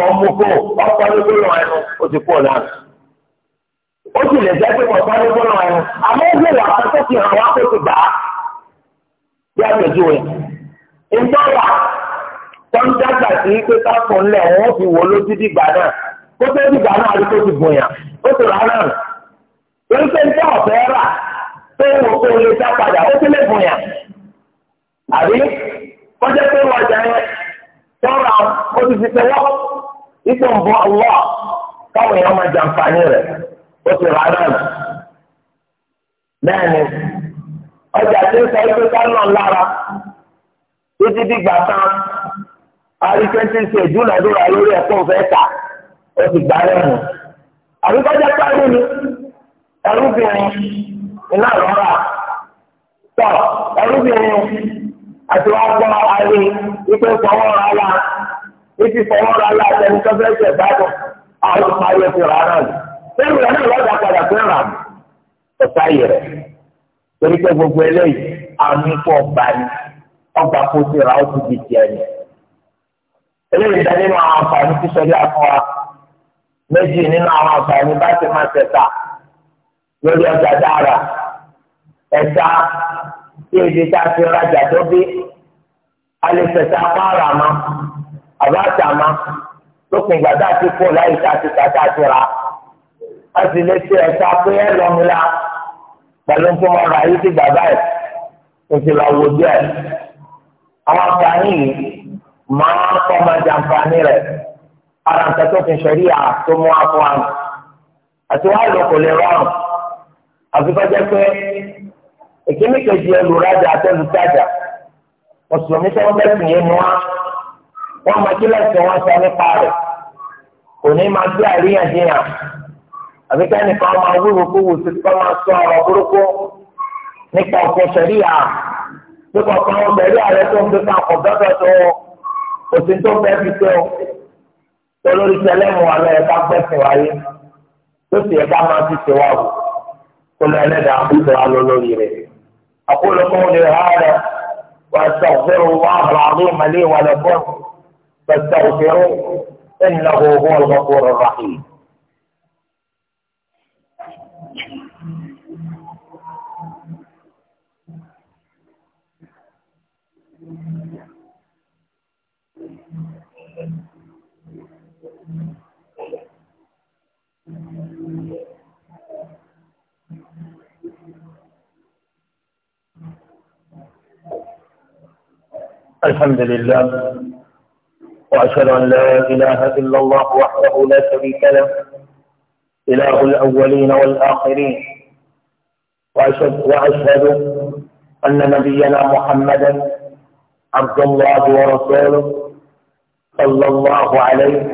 ọmú kó ẹnu ó ti ó sì lè jẹ́ pé ẹnu àmọ́ ó gbèrò àwọn tó hàn tọ́ńdàgbà sí pé káfọ́ ńlẹ̀ wọ́n fi wò lójú dìgbà náà kó tó dìgbà náà rí tó ti bòyàn ó ti rà náà torí pé nígbà ọ̀fẹ́ rà tó wò lè dá padà ó ti lè àbí kọjá pé tọ́ra ó ti fi tẹ́wọ́ àrí pẹ́ńtẹ́ńtì ìdúnàdúrà lórí ẹ̀kọ́ fẹ́ tà ó ti gbà lẹ́nu. àbíkọ́jà pàrọ̀ ni ẹrúbìnrin iná lọ́ra tọ́ ẹrúbìnrin àti wọn gbọ́ ayé wípé fọwọ́ ra la wípé fọwọ́ ra la àtẹni tó fẹ́ jẹ gbádùn àwọn ọmọ ayé ti rà náà lẹ́yìn rẹ̀ náà lọ́dà padà fẹ́ rà mí ọ̀tá yìí rẹ̀ torí pé gbogbo eléyìí àmì fún ọgbà ni ọgbà kò sí ra ó ti di tiẹ̀ ni eléyìí dá nínú àwọn àǹfààní tí sọ́jà fún méjì nínú àwọn àǹfààní bá ti máa tẹ̀ta lórí ọjà dára ẹ̀ta tí èdè tá a fi rajà tó bí a lè tẹ̀ta fáàrà ma àbáta ma lópin ìgbà tá a ti kó láyé tá a ti tà tá a ti rà a sì lè tẹ ẹ̀ta pé ẹ lọ́mú la pẹ̀lú fún ọ̀rọ̀ ayé ti gbà báyìí kò sì lọ wò díẹ̀ àwọn àǹfààní yìí máa kọ́ máa jàǹfààní rẹ̀ ara nǹkan tó fi ṣẹ̀rí à tó mú afọ àná àti wàá lò kò lè rọrùn àfikọ́jẹ́ pé ìkíní kejì olùrajà àtẹlùtajà mùsùlùmí tó ń bẹ̀sùn yé mu wá wọ́n máa kí lẹ́sìn wọn sọ nípa rẹ̀ kò ní máa gbé àríyànjiyàn àbí kẹ́nìkan máa wúwo kúwò sí kọ́ máa sọ ọ̀rọ̀ burúkú nípa òfin ṣẹ̀rí à nípa ọ̀kan ọ̀gbẹ̀rí ààrẹ tó ń gbé ká ọ̀gbẹ́fẹ́ tó wọn òsì tó fẹ́ fi pé o olórí sẹlẹ̀mù wa lọ ẹ̀ka gbẹ̀sìn wáyé tó sì ẹ̀ka máa fi ṣe wá o kó lọ ẹlẹ́dàá kó ṣe wá lórí rẹ̀ àkólo kó lè ha rẹ̀ واستغفروا الله العظيم لي ولكم فاستغفروه انه هو الغفور الرحيم الحمد لله وأشهد أن لا إله إلا الله وحده لا شريك له إله الأولين والآخرين وأشهد, وأشهد أن نبينا محمدا عبد الله ورسوله صلى الله عليه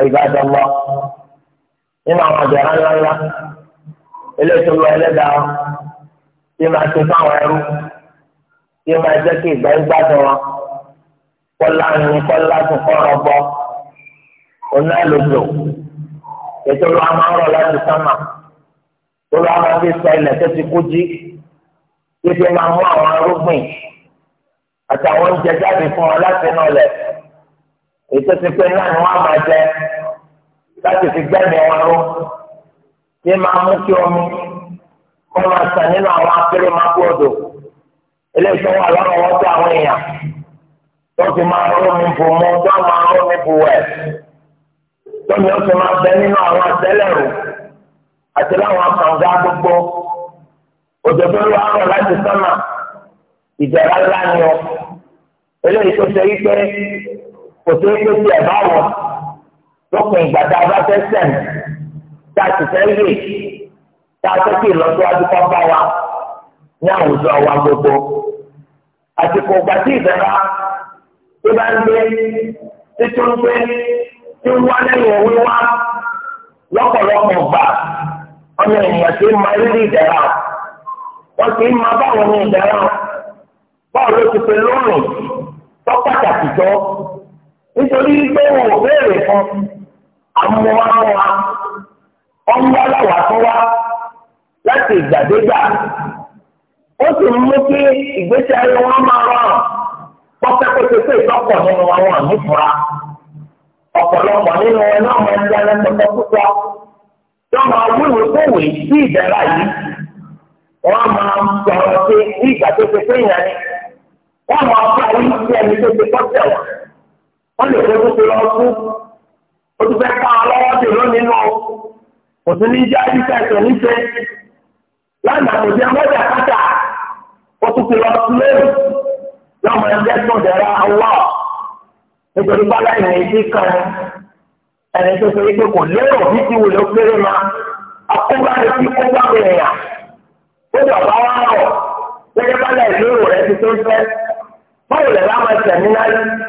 عباد الله إما وجران الله إليس الوالدة إما تفاو عرو إما زكي بعباد الله قل عني قل لا تقرب قلنا لزو يتولى عمارة لا تسمع tolú àwọn ọmọdé sọ ilẹ̀ tó ti kú jí títí máa mú àwọn arúgbìn àtàwọn oúnjẹ jáde fún wọn láti inú ọlẹ̀ ètò ti pé náà ni wọ́n máa jẹ láti fi gbẹ́mí wọn ró tí máa mú kí omi kó máa sàn nínú àwọn akéré máa kú odò eléyìí tó wà lọ́rùn wọn tó àwọn èèyàn tó fi máa rómi bù mú tó máa rómi bù wẹ̀ tómi ó fi máa bẹ nínú àwọn àtẹlẹ́rù àti láwọn akànga gbogbo òdòdó ló wà rọ̀ láti sánmà ìjọba ńlá ni o eléyìí tó ṣe wípé. kò sí pé tí ẹ bá wọ lópin a bá fẹ́ sẹ̀m tá a sì fẹ́ yè tá a fẹ́ kí ìlọsíwájú bá wa ní àwùjọ wa gbogbo àsìkò ìgbà ìdára tó bá ń gbé títún gbé tí ọmọ ènìyàn nítorí pé wọn ò béèrè fún amúwáwá ọmọláwà tó wá láti ìgbàdégbà ó sì ń mú kí ìgbésí ayé wọn máa rọrùn pọ́kẹ́pọ́kẹ́ pé ìtọ́pọ̀ nínú àwọn àmúfura ọ̀pọ̀lọpọ̀ nínú wọn náà máa ń máa wúwo sí ìdára yìí máa ń ìgbà tó ṣe pé máa fọ àwọn Ọ lè fojú pé lọ fún ó ti fẹ́ ká ọlọ́wọ́ dè lónìí ní jẹ́ àdìsá ẹ̀sẹ̀ níṣẹ́ lánàá kò mọ́jà kájà ó tún lọ sí lọ́mọ ẹgbẹ́ tó dẹ̀ra nítorí kan tó kò lérò bí ti wùlé ma akóbá ti kó bá ó jọ bá ti tó fẹ́ báwo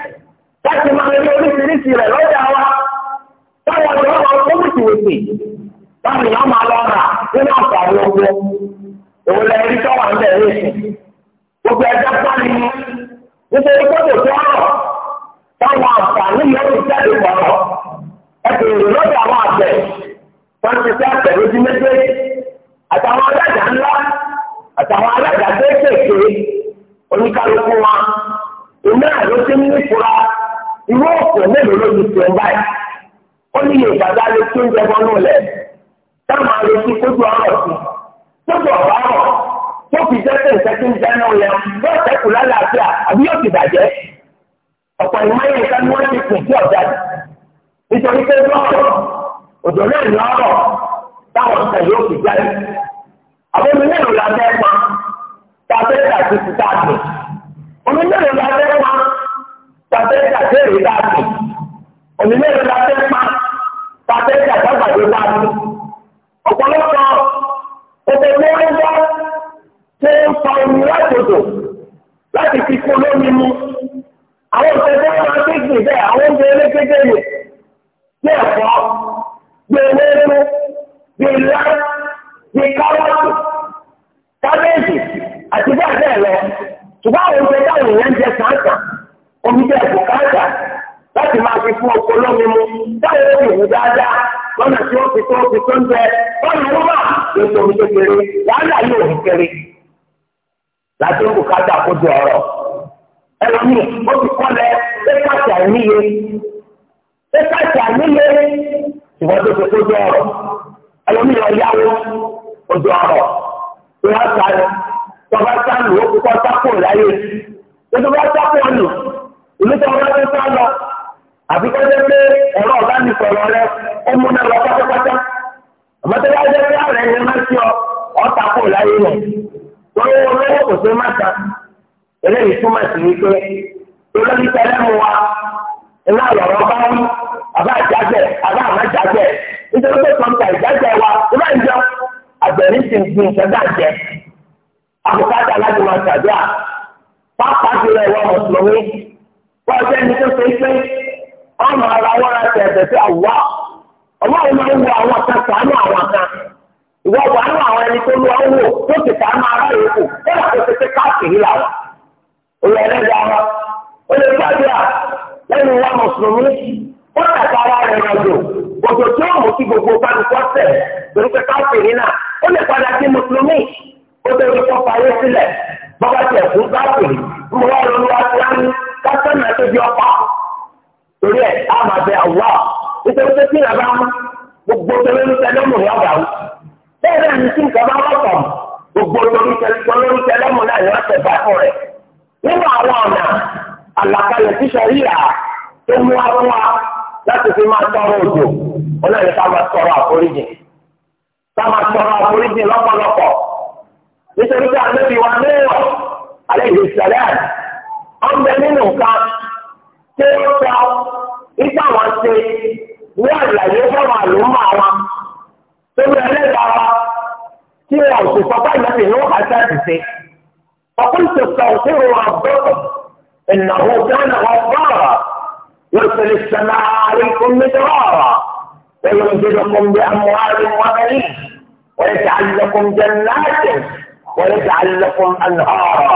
láti máa rí oríṣiríṣi rẹ̀ lọ́jà wa táwọn ọ̀dọ́ wọn kó wìtìwìtì báwo ni wọ́n máa lọ rà nínú àǹfààní owó òun lẹ rí tọ́wà ń bẹ̀ rí gbogbo ẹja pálí nítorí pọ́tò tó ọ̀rọ̀ táwọn àǹfààní yẹn ti jáde pọ̀rọ̀ ẹ̀sìn ìlú lọ́jà àwọn àgbẹ̀ wọ́n ti fẹ́ pẹ̀lú ojú méjèèjì àtàwọn alájà ńlá àtàwọn alájà kéékèèké oníkálukú wa ìmọ̀ àlọ́ ti ń ní ìfura ìwé ọ̀pọ̀ mélòó ló ti tiẹ̀ báyìí ó ní iye ìgbàgbá lè tún jẹ bọ́nú lẹ̀ táwọn àlejò kójú ọ̀rọ̀ sí tóbi ọ̀bá rọ̀ tó fi jẹ́sẹ̀ ìṣẹ́jú ń jẹ́nu yẹn yóò tẹ́kù lálàáfíà àbí yóò ti bàjẹ́ ọ̀pọ̀ ìmọ̀ye nǹkan ni wọ́n ti pè sí ọ̀dà nítorí pé lọ́rọ̀ òjò náà lọ́rọ̀ táwọn nǹkan yóò fi jáde àbọ̀mí mélòó la fẹ́ pa tá a fẹ́ tà sí ti tá a gbìn omi mélòó la fẹ́ pa tàtẹ́jà tẹ́rì dáàbì òmìnira ìlà tẹ́pá tàtẹ́jà tàgbàdo dáàbì. ọ̀pọ̀lọpọ̀ òkèlè ọjọ́ tó ń fa omi látòdò láti fi kó lómi mu. àwọn òṣèlú máa ń gbèsè bẹ́ẹ̀ àwọn oúnjẹ elékéjì yìí ní ẹ̀fọ́ bí ewéko bí ilá bí kárọ́ọ̀tì kábéèjì àti bẹ́ẹ̀ bẹ́ẹ̀ lọ ṣùgbọ́n àwọn oúnjẹ táwọn èèyàn ń jẹ sàǹsàn. omi jẹ́ ẹ̀bùn káàdà láti máa fi fún oko mu táwọn ó yìí dáadáa lọ́nà tí ó fi tó fi tó ń jẹ lọ́nà ló wà ló ń kékeré wàhálà yóò ní kéré láti ń bùkátà kó di ọ̀rọ̀ ẹlòmíì ó ti kọ́lẹ̀ pépàtì àìníye pépàtì àìníye ìwọ́n tó ti kó di ọ̀rọ̀ ẹlòmíì ọ̀yáwó ó di ọ̀rọ̀ ìlú tó wọn bá sá lọ pé ẹ̀rọ ọ̀gá mi sọ̀rọ̀ rẹ ó múná lọ pátápátá ọ láyé rẹ̀ lọ́wọ́ kò sí eléyìí túmọ̀ sí olórí tẹ́lẹ̀ mu wa iná bá wí àbá àbá nítorí pé kọ́ńtà wa àgbẹ̀rí ti gbin àbùkátà láti máa ṣàdúrà wájú ẹni tó ṣe pé ọmọ ara wọn ra ṣe ẹ̀bẹ̀ sí àwùwá ọlọ́run máa ń wo àwọn kan sàánú àwọn kan ìwọ wà nù àwọn ẹni tó lu ọwọ́ tó ti ọmọ ara rẹ̀ kù ṣe ẹlẹ́dàá lè gbàdúrà lẹ́nu wa mùsùlùmí tàkà ara rẹ̀ tí gbogbo pé káàkiri náà ó lè padà sí mùsùlùmí bẹ̀rù kọ́ sílẹ̀ káàkiri mo kásánà tó di ọ̀pá torí ẹ̀ á máa bẹ àwùwá nítorí pé tí ìlà bá mú gbogbo tẹlifí tẹlẹmù ní ọ̀gá wù bẹ́ẹ̀ náà ní tí nǹkan bá wà pọ̀ gbogbo tẹlifí tẹlẹmù náà ní wọ́n tẹ̀ bá fún rẹ̀ nínú àwọn ọ̀nà àlàkalẹ̀ tí sọ̀ríyà tó mú wa fún wa láti fi máa tọrọ òjò wọn náà ní ká máa tọrọ àforíjì ká máa tọrọ ọ̀gbẹ́ nínú nǹkan tí ó sọ nígbà wọn ṣe ní àlàyé fọwọ́ àlùmọ́ àwọn tó ní ẹlẹ́gbàá wa tí wọn ò sì sọ báyìí lọ́sẹ̀ ní wọ́n àti àdìsẹ́. فقلت استغفروا ربكم انه كان غفارا يرسل السماء عليكم مدرارا ويمددكم باموال وبنين ويجعل لكم جنات ويجعل لكم انهارا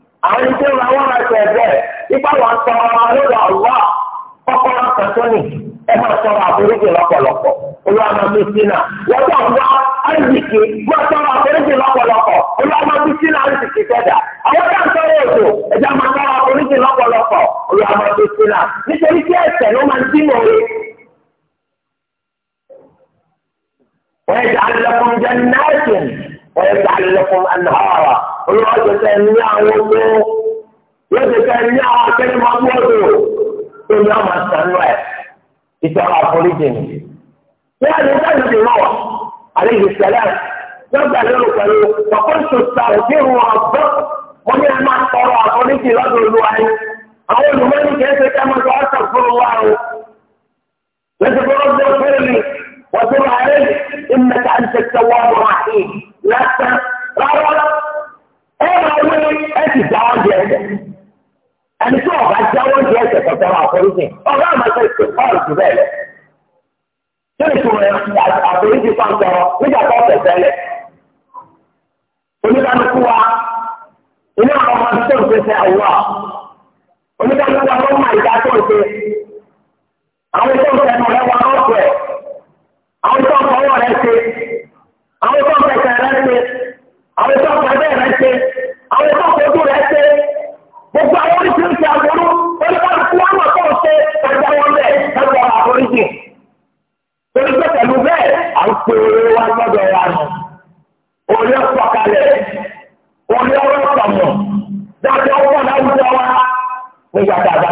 àwọn ẹni tó ń ra wọn ra ẹsẹ̀ bẹ́ẹ̀ ipá wọn sọ ọmọ lọ́dọ̀ ọ̀wá kọ́kọ́rọ́ kan tó nì ẹ máa sọ àforíjì lọ́pọ̀lọpọ̀ olùwàmọ̀ mi sínà wọ́n tó ń wá àìsìkì máa sọ àforíjì lọ́pọ̀lọpọ̀ olùwàmọ̀ mi sínà àìsìkì tẹ̀dà àwọn tó ń sọ̀rọ̀ ètò ẹ̀dá máa sọ àforíjì lọ́pọ̀lọpọ̀ olùwàmọ̀ mi sínà nítorí tí ẹ̀ṣẹ̀ ló máa ń dín mọ́re ويجعل لكم جنات ويجعل لكم أنهارا olúwa jẹ́kẹ́ ní àwọn tó yóò jẹ́kẹ́ ní àwọn akẹ́rẹ́ máa bú ọ̀dọ̀ tó ní àwọn àtàlù ẹ̀ ìtọ́ra àforíjì ni. ní àná ìdájọ́ ti mọ̀ àlẹ́ yìí sẹ́lẹ̀ lọ́gbà lérò pẹ̀lú ọ̀pọ̀ ìṣòṣà òkè ìwọ̀n ọ̀gbọ́n mo ní ẹ máa tọrọ àforíjì lọ́dọ̀ olúwa yìí àwọn olùmọ́ni kìí ṣe ká máa tọ́ ọ̀sán fún wa o. lẹ́sìn fún ọgbẹ́ fúnni wọ́n ti máa rẹ̀ ìmẹ̀ta ń ṣe tẹ̀wọ́ ọmọ àhìn lásán rárá ẹ máa wé ẹ sì dá oúnjẹ ẹsẹ̀ ẹni tí ọba já oúnjẹ ẹsẹ̀ kọ̀ọ̀tà wà àforíjì ọba àmọ́ ṣe ṣe fọ́ọ̀lù jù bẹ́ẹ̀ lọ. ṣé ìtumọ̀ àforíjì kan sọ nígbà tó ọ̀sẹ̀ tẹ́lẹ̀ oníkanukú wa ilé ọkọ̀ ọmọ tó ń pèsè àwùrọ̀ oníkanukú wa ló máa ìdá tó ń pè àwọn tó ń pè mọ̀ lẹ́wọ̀ àwọn tó ń pọ̀ wọ̀ rẹ̀ ṣe àwọn tó ń pè àwọn tó kọ ẹgbẹ́ rẹ ṣe àwọn tó kọ ojú rẹ ṣe gbogbo àwọn oríṣiríṣi àgbọ̀rú olùkọ́ni wọn mọ̀ tó ń ṣe ẹgbẹ́ wọn bẹ́ẹ̀ ẹgbẹ́ wọn àforíjì torí pé pẹ̀lú bẹ́ẹ̀ à ń pe orí wa lọ́dọ̀ wa nù orí ọ̀pọ̀ kalẹ̀ orí ọ̀rọ̀ pàmò dájọ́ wọn láwùjọ wa nígbà tá a bá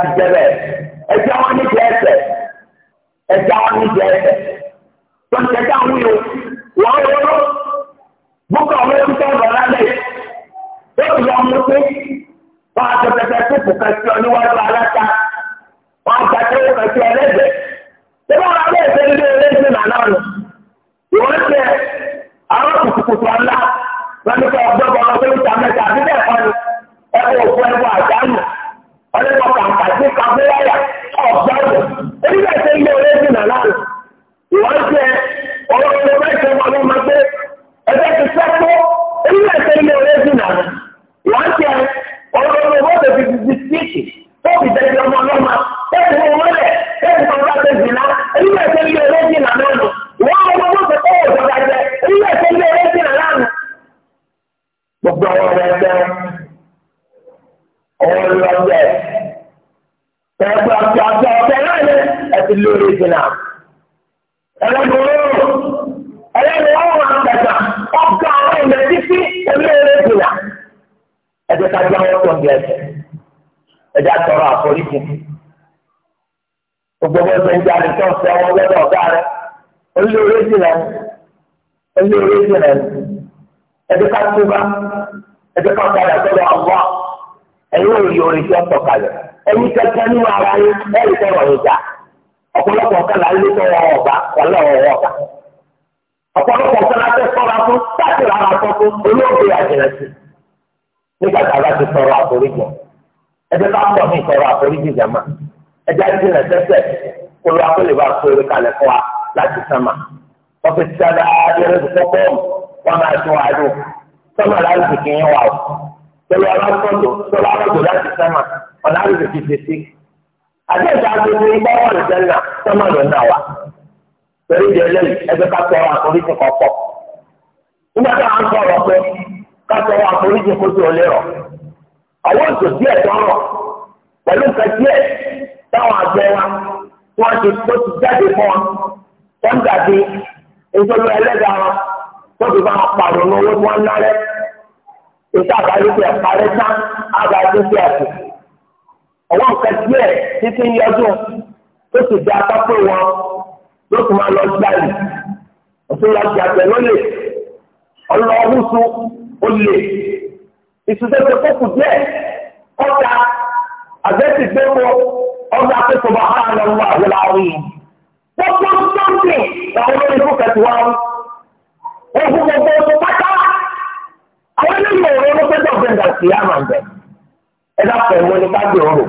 ti jẹ́ bẹ́ẹ̀ ẹ̀jẹ̀ wọn níjẹ́ ẹsẹ̀ ẹ̀jẹ̀ wọn níjẹ́ ẹsẹ̀ tó ń tẹ̀ka yọ ọmọ pé wọn àtẹ̀tẹ̀tẹ̀ tó kù kẹsí ọ níwájú aláta wọn àtẹ̀tẹ̀ tó kẹsí ọ lẹ́gbẹ̀ẹ́ tí wọn bá bẹ́ẹ̀ ṣe nílé ẹlẹ́sìn nàná nù ìwọ́n ṣe àwọn kùtùkùtù ọ̀la lọ́dún kan ọgbẹ́ bọ́ ọgbẹ́ ìta mẹ́ta àbí bẹ́ẹ̀ kọ́ nínú ara yín ẹ̀rí sọ̀rọ̀ ìjà ọ̀pọ̀lọpọ̀ kan là ń lé sọ̀rọ̀ ọ̀gá ọ̀lẹ́ ọ̀rọ̀ ọ̀gá ọ̀pọ̀lọpọ̀ kan láti sọ̀rọ̀ fún láti rárá sọ fún olóògbé àjẹrẹ sí nígbà tí a bá ti sọ̀rọ̀ àforíjì ẹ̀jẹ̀ bá pọ̀ ní sọ̀rọ̀ àforíjì jàmá ẹ̀jẹ̀ àti ìrẹsẹ̀sẹ̀ kólú akólébá sórí kalẹ̀ fún wa láti sánmà ọ̀pẹ̀ tí a dáa yẹrẹ fọ́pọ́ wọn máa tún wa dùn sọ́mà láti kì í wà ó tọ́lú alákọ̀ọ́dọ̀ tọ́lú alákọ̀ọ́dọ̀ láti sánmà ọ̀làrúbẹ̀ ti fèsì àti ìta gbogbo igbá wà ní sẹ́nà sọ́mà ló ń dà wá. Torí ìdí eléyìí ẹgbẹ́ ká tọrọ àforíjì kan pọ̀. Nígbà tí a ń sọ̀rọ̀ pé ká tọrọ àforíjì kó tó Àwọn díẹ̀ tọrọ pẹ̀lú díẹ̀ táwọn àgbẹ̀ wa tí wọ́n ti ti jáde fún wọn. ọwọ́ nǹkan díẹ̀ títí ń yọdún tó sì di apákó wọn ló tún máa lọ gbà yìí òtún lọ sí àgbẹ̀ lólè ọlọ́ọ̀húnṣu olè ìṣùdẹ́sẹ̀ kókù díẹ̀ kọ́ta àgbẹ̀sì gbẹ́wò ọgbà pẹ̀sọ̀ bá hàn lọ́wọ́ àgbẹ̀láwì gbogbo sọ́ọ̀tì làwọn olórí fún kẹtùwá wọn fún gbogbo ọdún pátá àwọn eléyìí ọ̀rọ̀ ló fẹ́ dọ̀gbẹ́ndà sí àmàǹdẹ̀ ẹ̀dá pẹ̀lú ẹni ká gbé ọ̀rọ̀.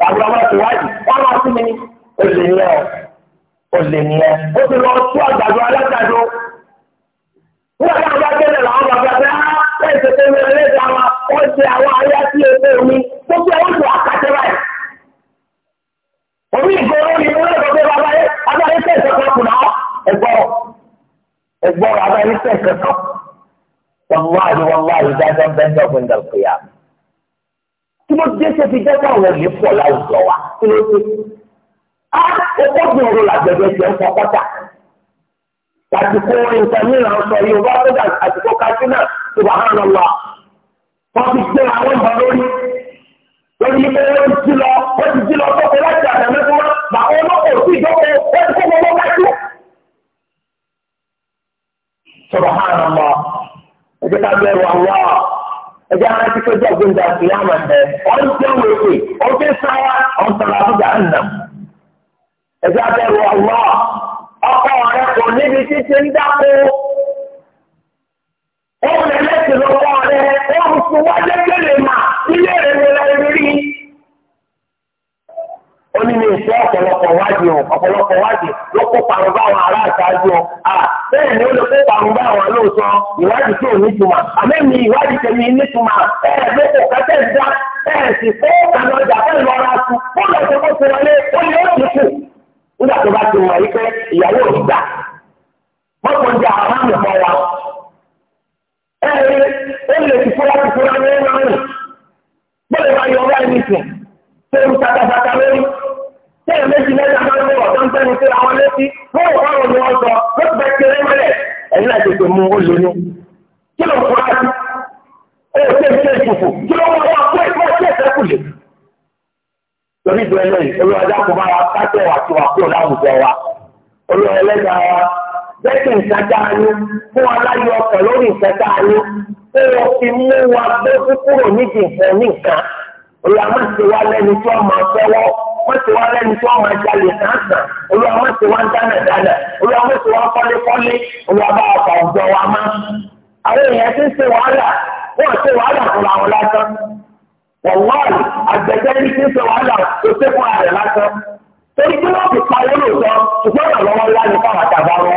tàbí ọmọ ìwádìí wọn máa fún mi ní olè ní ẹ olè ní ẹ ó ti lọ tú àgbàdo alágbàdo nígbà tí àwọn bá gbẹdẹ làwọn bàbá bẹ á lẹ́yìn tó tẹ mi ẹlẹ́dàá wa wọ́n ṣe àwọn ayé sí ẹgbẹ́ mi gbogbo ẹ̀wọ̀n tó àkàtẹ́ báyìí. òbí ìgboro ni wọ́n lọ́dọ̀ pé bàbá yẹn abáyé tẹ̀sán kan kùnà ẹ̀gbọ́rọ̀ ẹ̀gbọ́rọ̀ abáyé tẹ̀sán kan wọ́n wá àyè wọ́n wá àyè dájọ́ bẹ́ńdọ̀ gbẹ̀ndọ̀ kìyàmù kí ló dé ṣe fi jẹ́ káwọn ní pọ̀ láwùjọ wa kí ló dé. a ẹ̀kọ́ gbòòrò làgbẹ̀dẹ̀ ṣe ń kọ́kọ́ta. àsìkò nǹkan mìíràn sọ yorùbá tó dà àsìkò katsina subahánàlá. wọ́n ti gbé àwọn ìbọn lórí lórí pé wọ́n ti jí lọ wọ́n ti jí lọ sọ́kọ̀ láti àtàmẹ́fọ́ bàbá ọlọ́kọ̀ sí ìjọba wọ́n ti kó wọn lọ́wọ́ lájú. subahánàlá ẹ̀jẹ̀ ká bẹ̀rù àwọn ẹjẹ àwọn àti tó jẹ ògbóǹda kìí àmà ẹ ọ̀n tí ó wéwèé ọ̀n tí sáwà ọ̀n sọ̀rọ̀ àbújá nà. ẹjẹ abẹ́rù ọ̀wọ́ ọkọ rẹ kò níbi títí ń dáko. òun lẹ́lẹ́sìn lọ́wọ́ rẹ òun sùn wájú kélé mà. ó ní ní iṣẹ́ ọ̀pọ̀lọpọ̀ wádìí o ọ̀pọ̀lọpọ̀ wádìí ló kó parun bá àwọn ará o à bẹ́ẹ̀ ni ó lè kó parun bá àwọn lóòótọ́ ìwádìí tó nítumọ̀ àmẹ́mi ìwádìí tèmi nítumọ̀ ẹ̀ ló kò kẹ́tẹ́ dá ẹ̀ sì kó kàná ọjà fẹ́ẹ̀ lọ́ra tu kó lọ sí kó tura lé ó ní ó ti kù nígbà tó bá ti mọ̀ yí pé ìyàwó ò gbà mọ́kàn jẹ́ àmàmì mọ́ wa ẹ̀ ó lè ti Bẹ́ẹ̀ méjì mẹ́ta bá ń bọ̀ tó ń tẹ́ni sí àwọn létí. Wọ́n wọ́n wọ́n ni wọ́n sọ, wọ́n ti bẹ́ẹ̀ kéré mọ́lẹ̀. Ẹ̀yin náà tètè mú ó lóyún. Kí ló kúrò á? Ó ṣe é ṣe ìfòfò. Kí ló wọ́n wá pé wọ́n ṣe ẹ̀sẹ̀ kù lè? Torí ìgbẹ́ lẹ́yìn, olúwa dákun bá wa kásẹ̀ wà tí wà kúrò láwùjọ wa. Olúwa ẹlẹ́dàá wa bẹ́ẹ̀ nǹkan dáa ní fún aláyọ̀ ọkàn lórí nǹkan dáa ní kí wọ́n fi mú wa bẹ́ẹ̀ kúrò nídìí nǹkan ní nǹkan. Olúwa má ṣe wá lẹ́ni tí wọ́n máa fẹ́wọ́ mọ̀tò wa lẹ́nu tí wọ́n máa jalè sàǹsàn olúwa mọ̀tò wa ń dáná dáná olúwa mọ̀tò wa kọ́lé kọ́lé wa ọ̀jọ́ wa má. àwọn èèyàn ti ń ṣe wàhálà wọ́n ṣe wàhálà fún àwọn lásán. wọ̀wọ́ọ̀lù àgbẹ̀jẹ́ ní ti ń wàhálà ṣe fún lásán. torí kí wọ́n ṣùgbọ́n ńlá ni fáwọn àtàbà wọn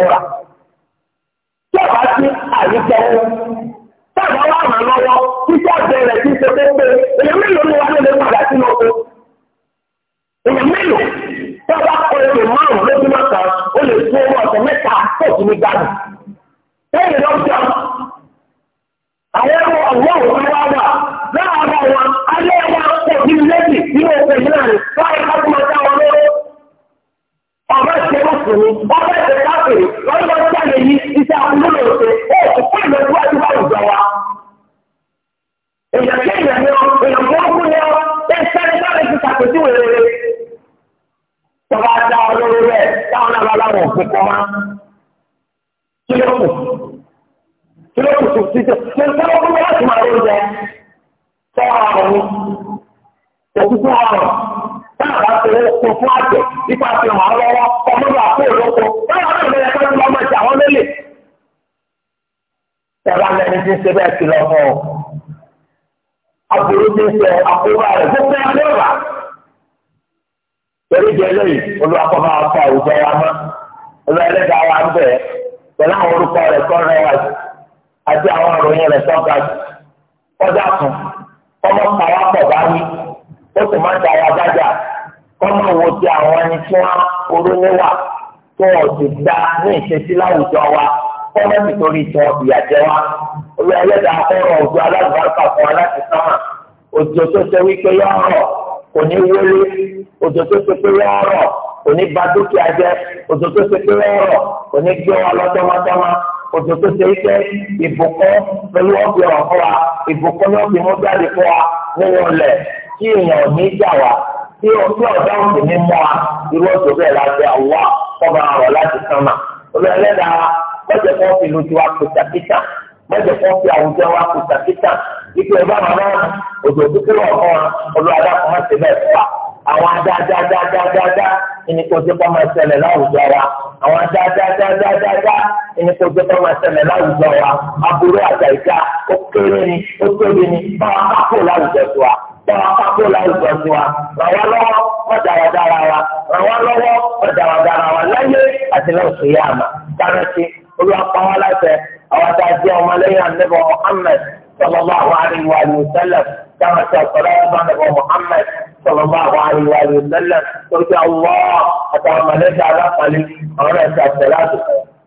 èèyàn mélòó tó bá kọ ebè márùn lójúmọ́ kan ó lè fún owó ọ̀sẹ̀ mẹ́ta tó sì ní gbàdùn. lẹ́yìn lọ́jọ́ àwọn ẹrú ọ̀gbọ́n wa wà láàárọ̀ wọn alẹ́ wọn kò bí lẹ́sì nínú oṣù yìí náà ní láì kájú máa dá wọn lóró. ọ̀bẹ ṣe ló fún mi ọ̀bẹ ṣe káfíìn lọ́jọ́ jáde yìí iṣẹ́ àkúlò ṣe ó kó ìlú ẹgbẹ́ àdúgbò àwùjọ wa. èèyàn kéèyàn ni ọ rẹ̀ ti ṣàpèjúwe rere. Tọ́ba dá ọ lórí rẹ̀ táwọn náà bá láwọn òfin kan wá. Kí ló kù? Kí ló kù tún títẹ̀? Ṣé kí ló kú láti máa lóun jẹ? Sọ́wọ́ àwọn mi. Òkúkú ọ̀rọ̀. Táwọn bá fi kó fún àgbẹ̀ nípa fi hàn án lọ́wọ́ ọmọdé àpò ìlóko. Táwọn náà lè kọ́ ní ọmọ ìjà wọn lélẹ̀. Tẹ̀lá lẹni tí ń ṣe bẹ́ẹ̀ ti lọ fún ọ aburú ti sẹ àkóbá rẹ gbogbo àdéhùbà. torí jẹ lóyìn olùwàkọ́fà ọ̀fà àwùjọ wa mọ́ olùwà ẹlẹ́dàá wa ń bẹ̀ pẹ̀lú àwọn orúkọ rẹ̀ kọ́ rẹwà àti àwọn ìròyìn rẹ̀ sọ́ka ọjà kan ọmọ pàwọ́ pọ̀ bá ó sì máa ń ta àwọn abájà wo ti àwọn ẹni tí wọ́n orú níwà tó ọ̀sìn dá ní ìṣesí láwùjọ wa kọ́mọ sì torí ìtàn ìyàjẹ́ wa olú ẹlẹ́dàá akọ́rọ̀ ọ̀gbọ́ alágbàáfà fún aláti sámà òjò tó ṣe wípé yọ ọ̀rọ̀ kò ní wọlé òjò tó ṣe pé yọ ọ̀rọ̀ kò ní ba dúkìá jẹ òjò tó ṣe pé yọ ọ̀rọ̀ kò ní gbé wa lọ tọ́mọtọ́mọ òjò tó ṣe wípé ìbùkún pẹ̀lú ọ̀gbìn ọ̀rọ̀ fún wa ìbùkún ní ọ̀gbìn mú jáde fún wa nínú ilẹ̀ tí èèyàn ò ní jà wá tí ọjọ́ ọ̀dọ́ òsì ní mọ́ wa irú òjò bẹ́ẹ̀ láti àwọ̀ kọ́ máa rọ̀ láti sánmà olú ẹlẹ́dàá lọ́jọ́ kan fi mọ̀jẹ̀ fún fi àwùjọ wa kò sàkítà ike ẹ̀ bá màmá òjò kúkúrú ọ̀kan wa olùwàdà kò má ṣe bẹ́ẹ̀ fà àwọn adáadáadáadáa ẹni kò jẹ́ kó máa ṣẹlẹ̀ láwùjọ wa àwọn adáadáadáadáa ẹni kò jẹ́ kó máa ṣẹlẹ̀ láwùjọ wa aburú àgbàìká ó kéré ni ó tóbi ni báwa kápò láwùjọ tiwa báwa kápò láwùjọ tiwa ràn wá lọ́wọ́ ọ̀dàwàdàrà wa ràn wá lọ́wọ́ ọ̀dàwàdàrà wa láyé àti lọ́sùn yá àwọn tá a jẹ́ ọmọlẹ́yìn ànábọ̀ Muhammad sallallahu alaihi wa sallam táwọn àti ọ̀sọ̀rọ̀ ànábọ̀ Muhammad sallallahu alaihi wa sallam tó ti àwọn àtàwọn mọ̀lẹ́kà alápàlẹ́ àwọn àti àtẹ̀lá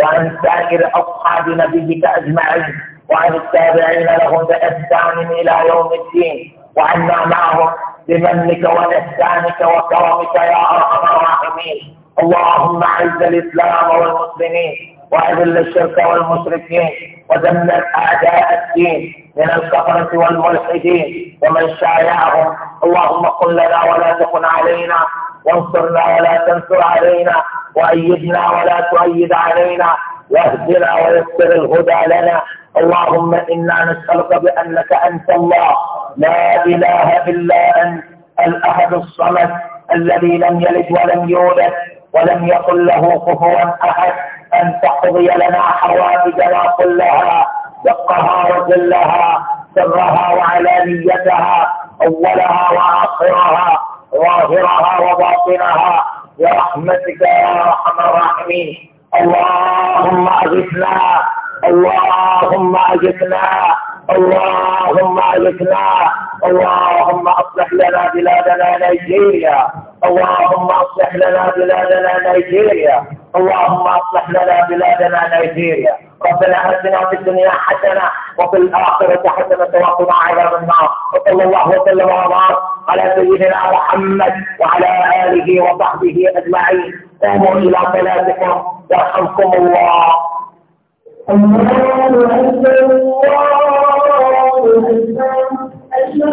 وعن سائر أصحاب نبيك أجمعين وعن التابعين لهم بإحسان إلى يوم الدين وعنا معهم بمنك وإحسانك وكرمك يا أرحم الراحمين اللهم أعز الإسلام والمسلمين وأذل الشرك والمشركين ودمر أعداء الدين من الكفرة والملحدين ومن شايعهم اللهم قل لنا ولا تكن علينا وانصرنا ولا تنصر علينا وأيدنا ولا تؤيد علينا واهدنا ويسر الهدى لنا اللهم إنا نسألك بأنك أنت الله لا إله إلا أنت الأحد الصمد الذي لم يلد ولم يولد ولم يقل له كفوا أحد أن تقضي لنا حوائجنا كلها دقها وجلها سرها وعلانيتها أولها وآخرها ظاهرها وباطنها برحمتك يا ارحم الراحمين اللهم اجثنا اللهم اجثنا اللهم اجثنا اللهم اصلح لنا بلادنا نيجيريا اللهم اصلح لنا بلادنا نيجيريا اللهم اصلح لنا بلادنا نيجيريا ربنا اتنا في الدنيا حسنه وفي الاخره حسنه وقنا عذاب النار وصلى الله وسلم وبارك على سيدنا محمد وعلى اله وصحبه اجمعين قوموا الى صلاتكم يرحمكم الله الله أكبر الله أكبر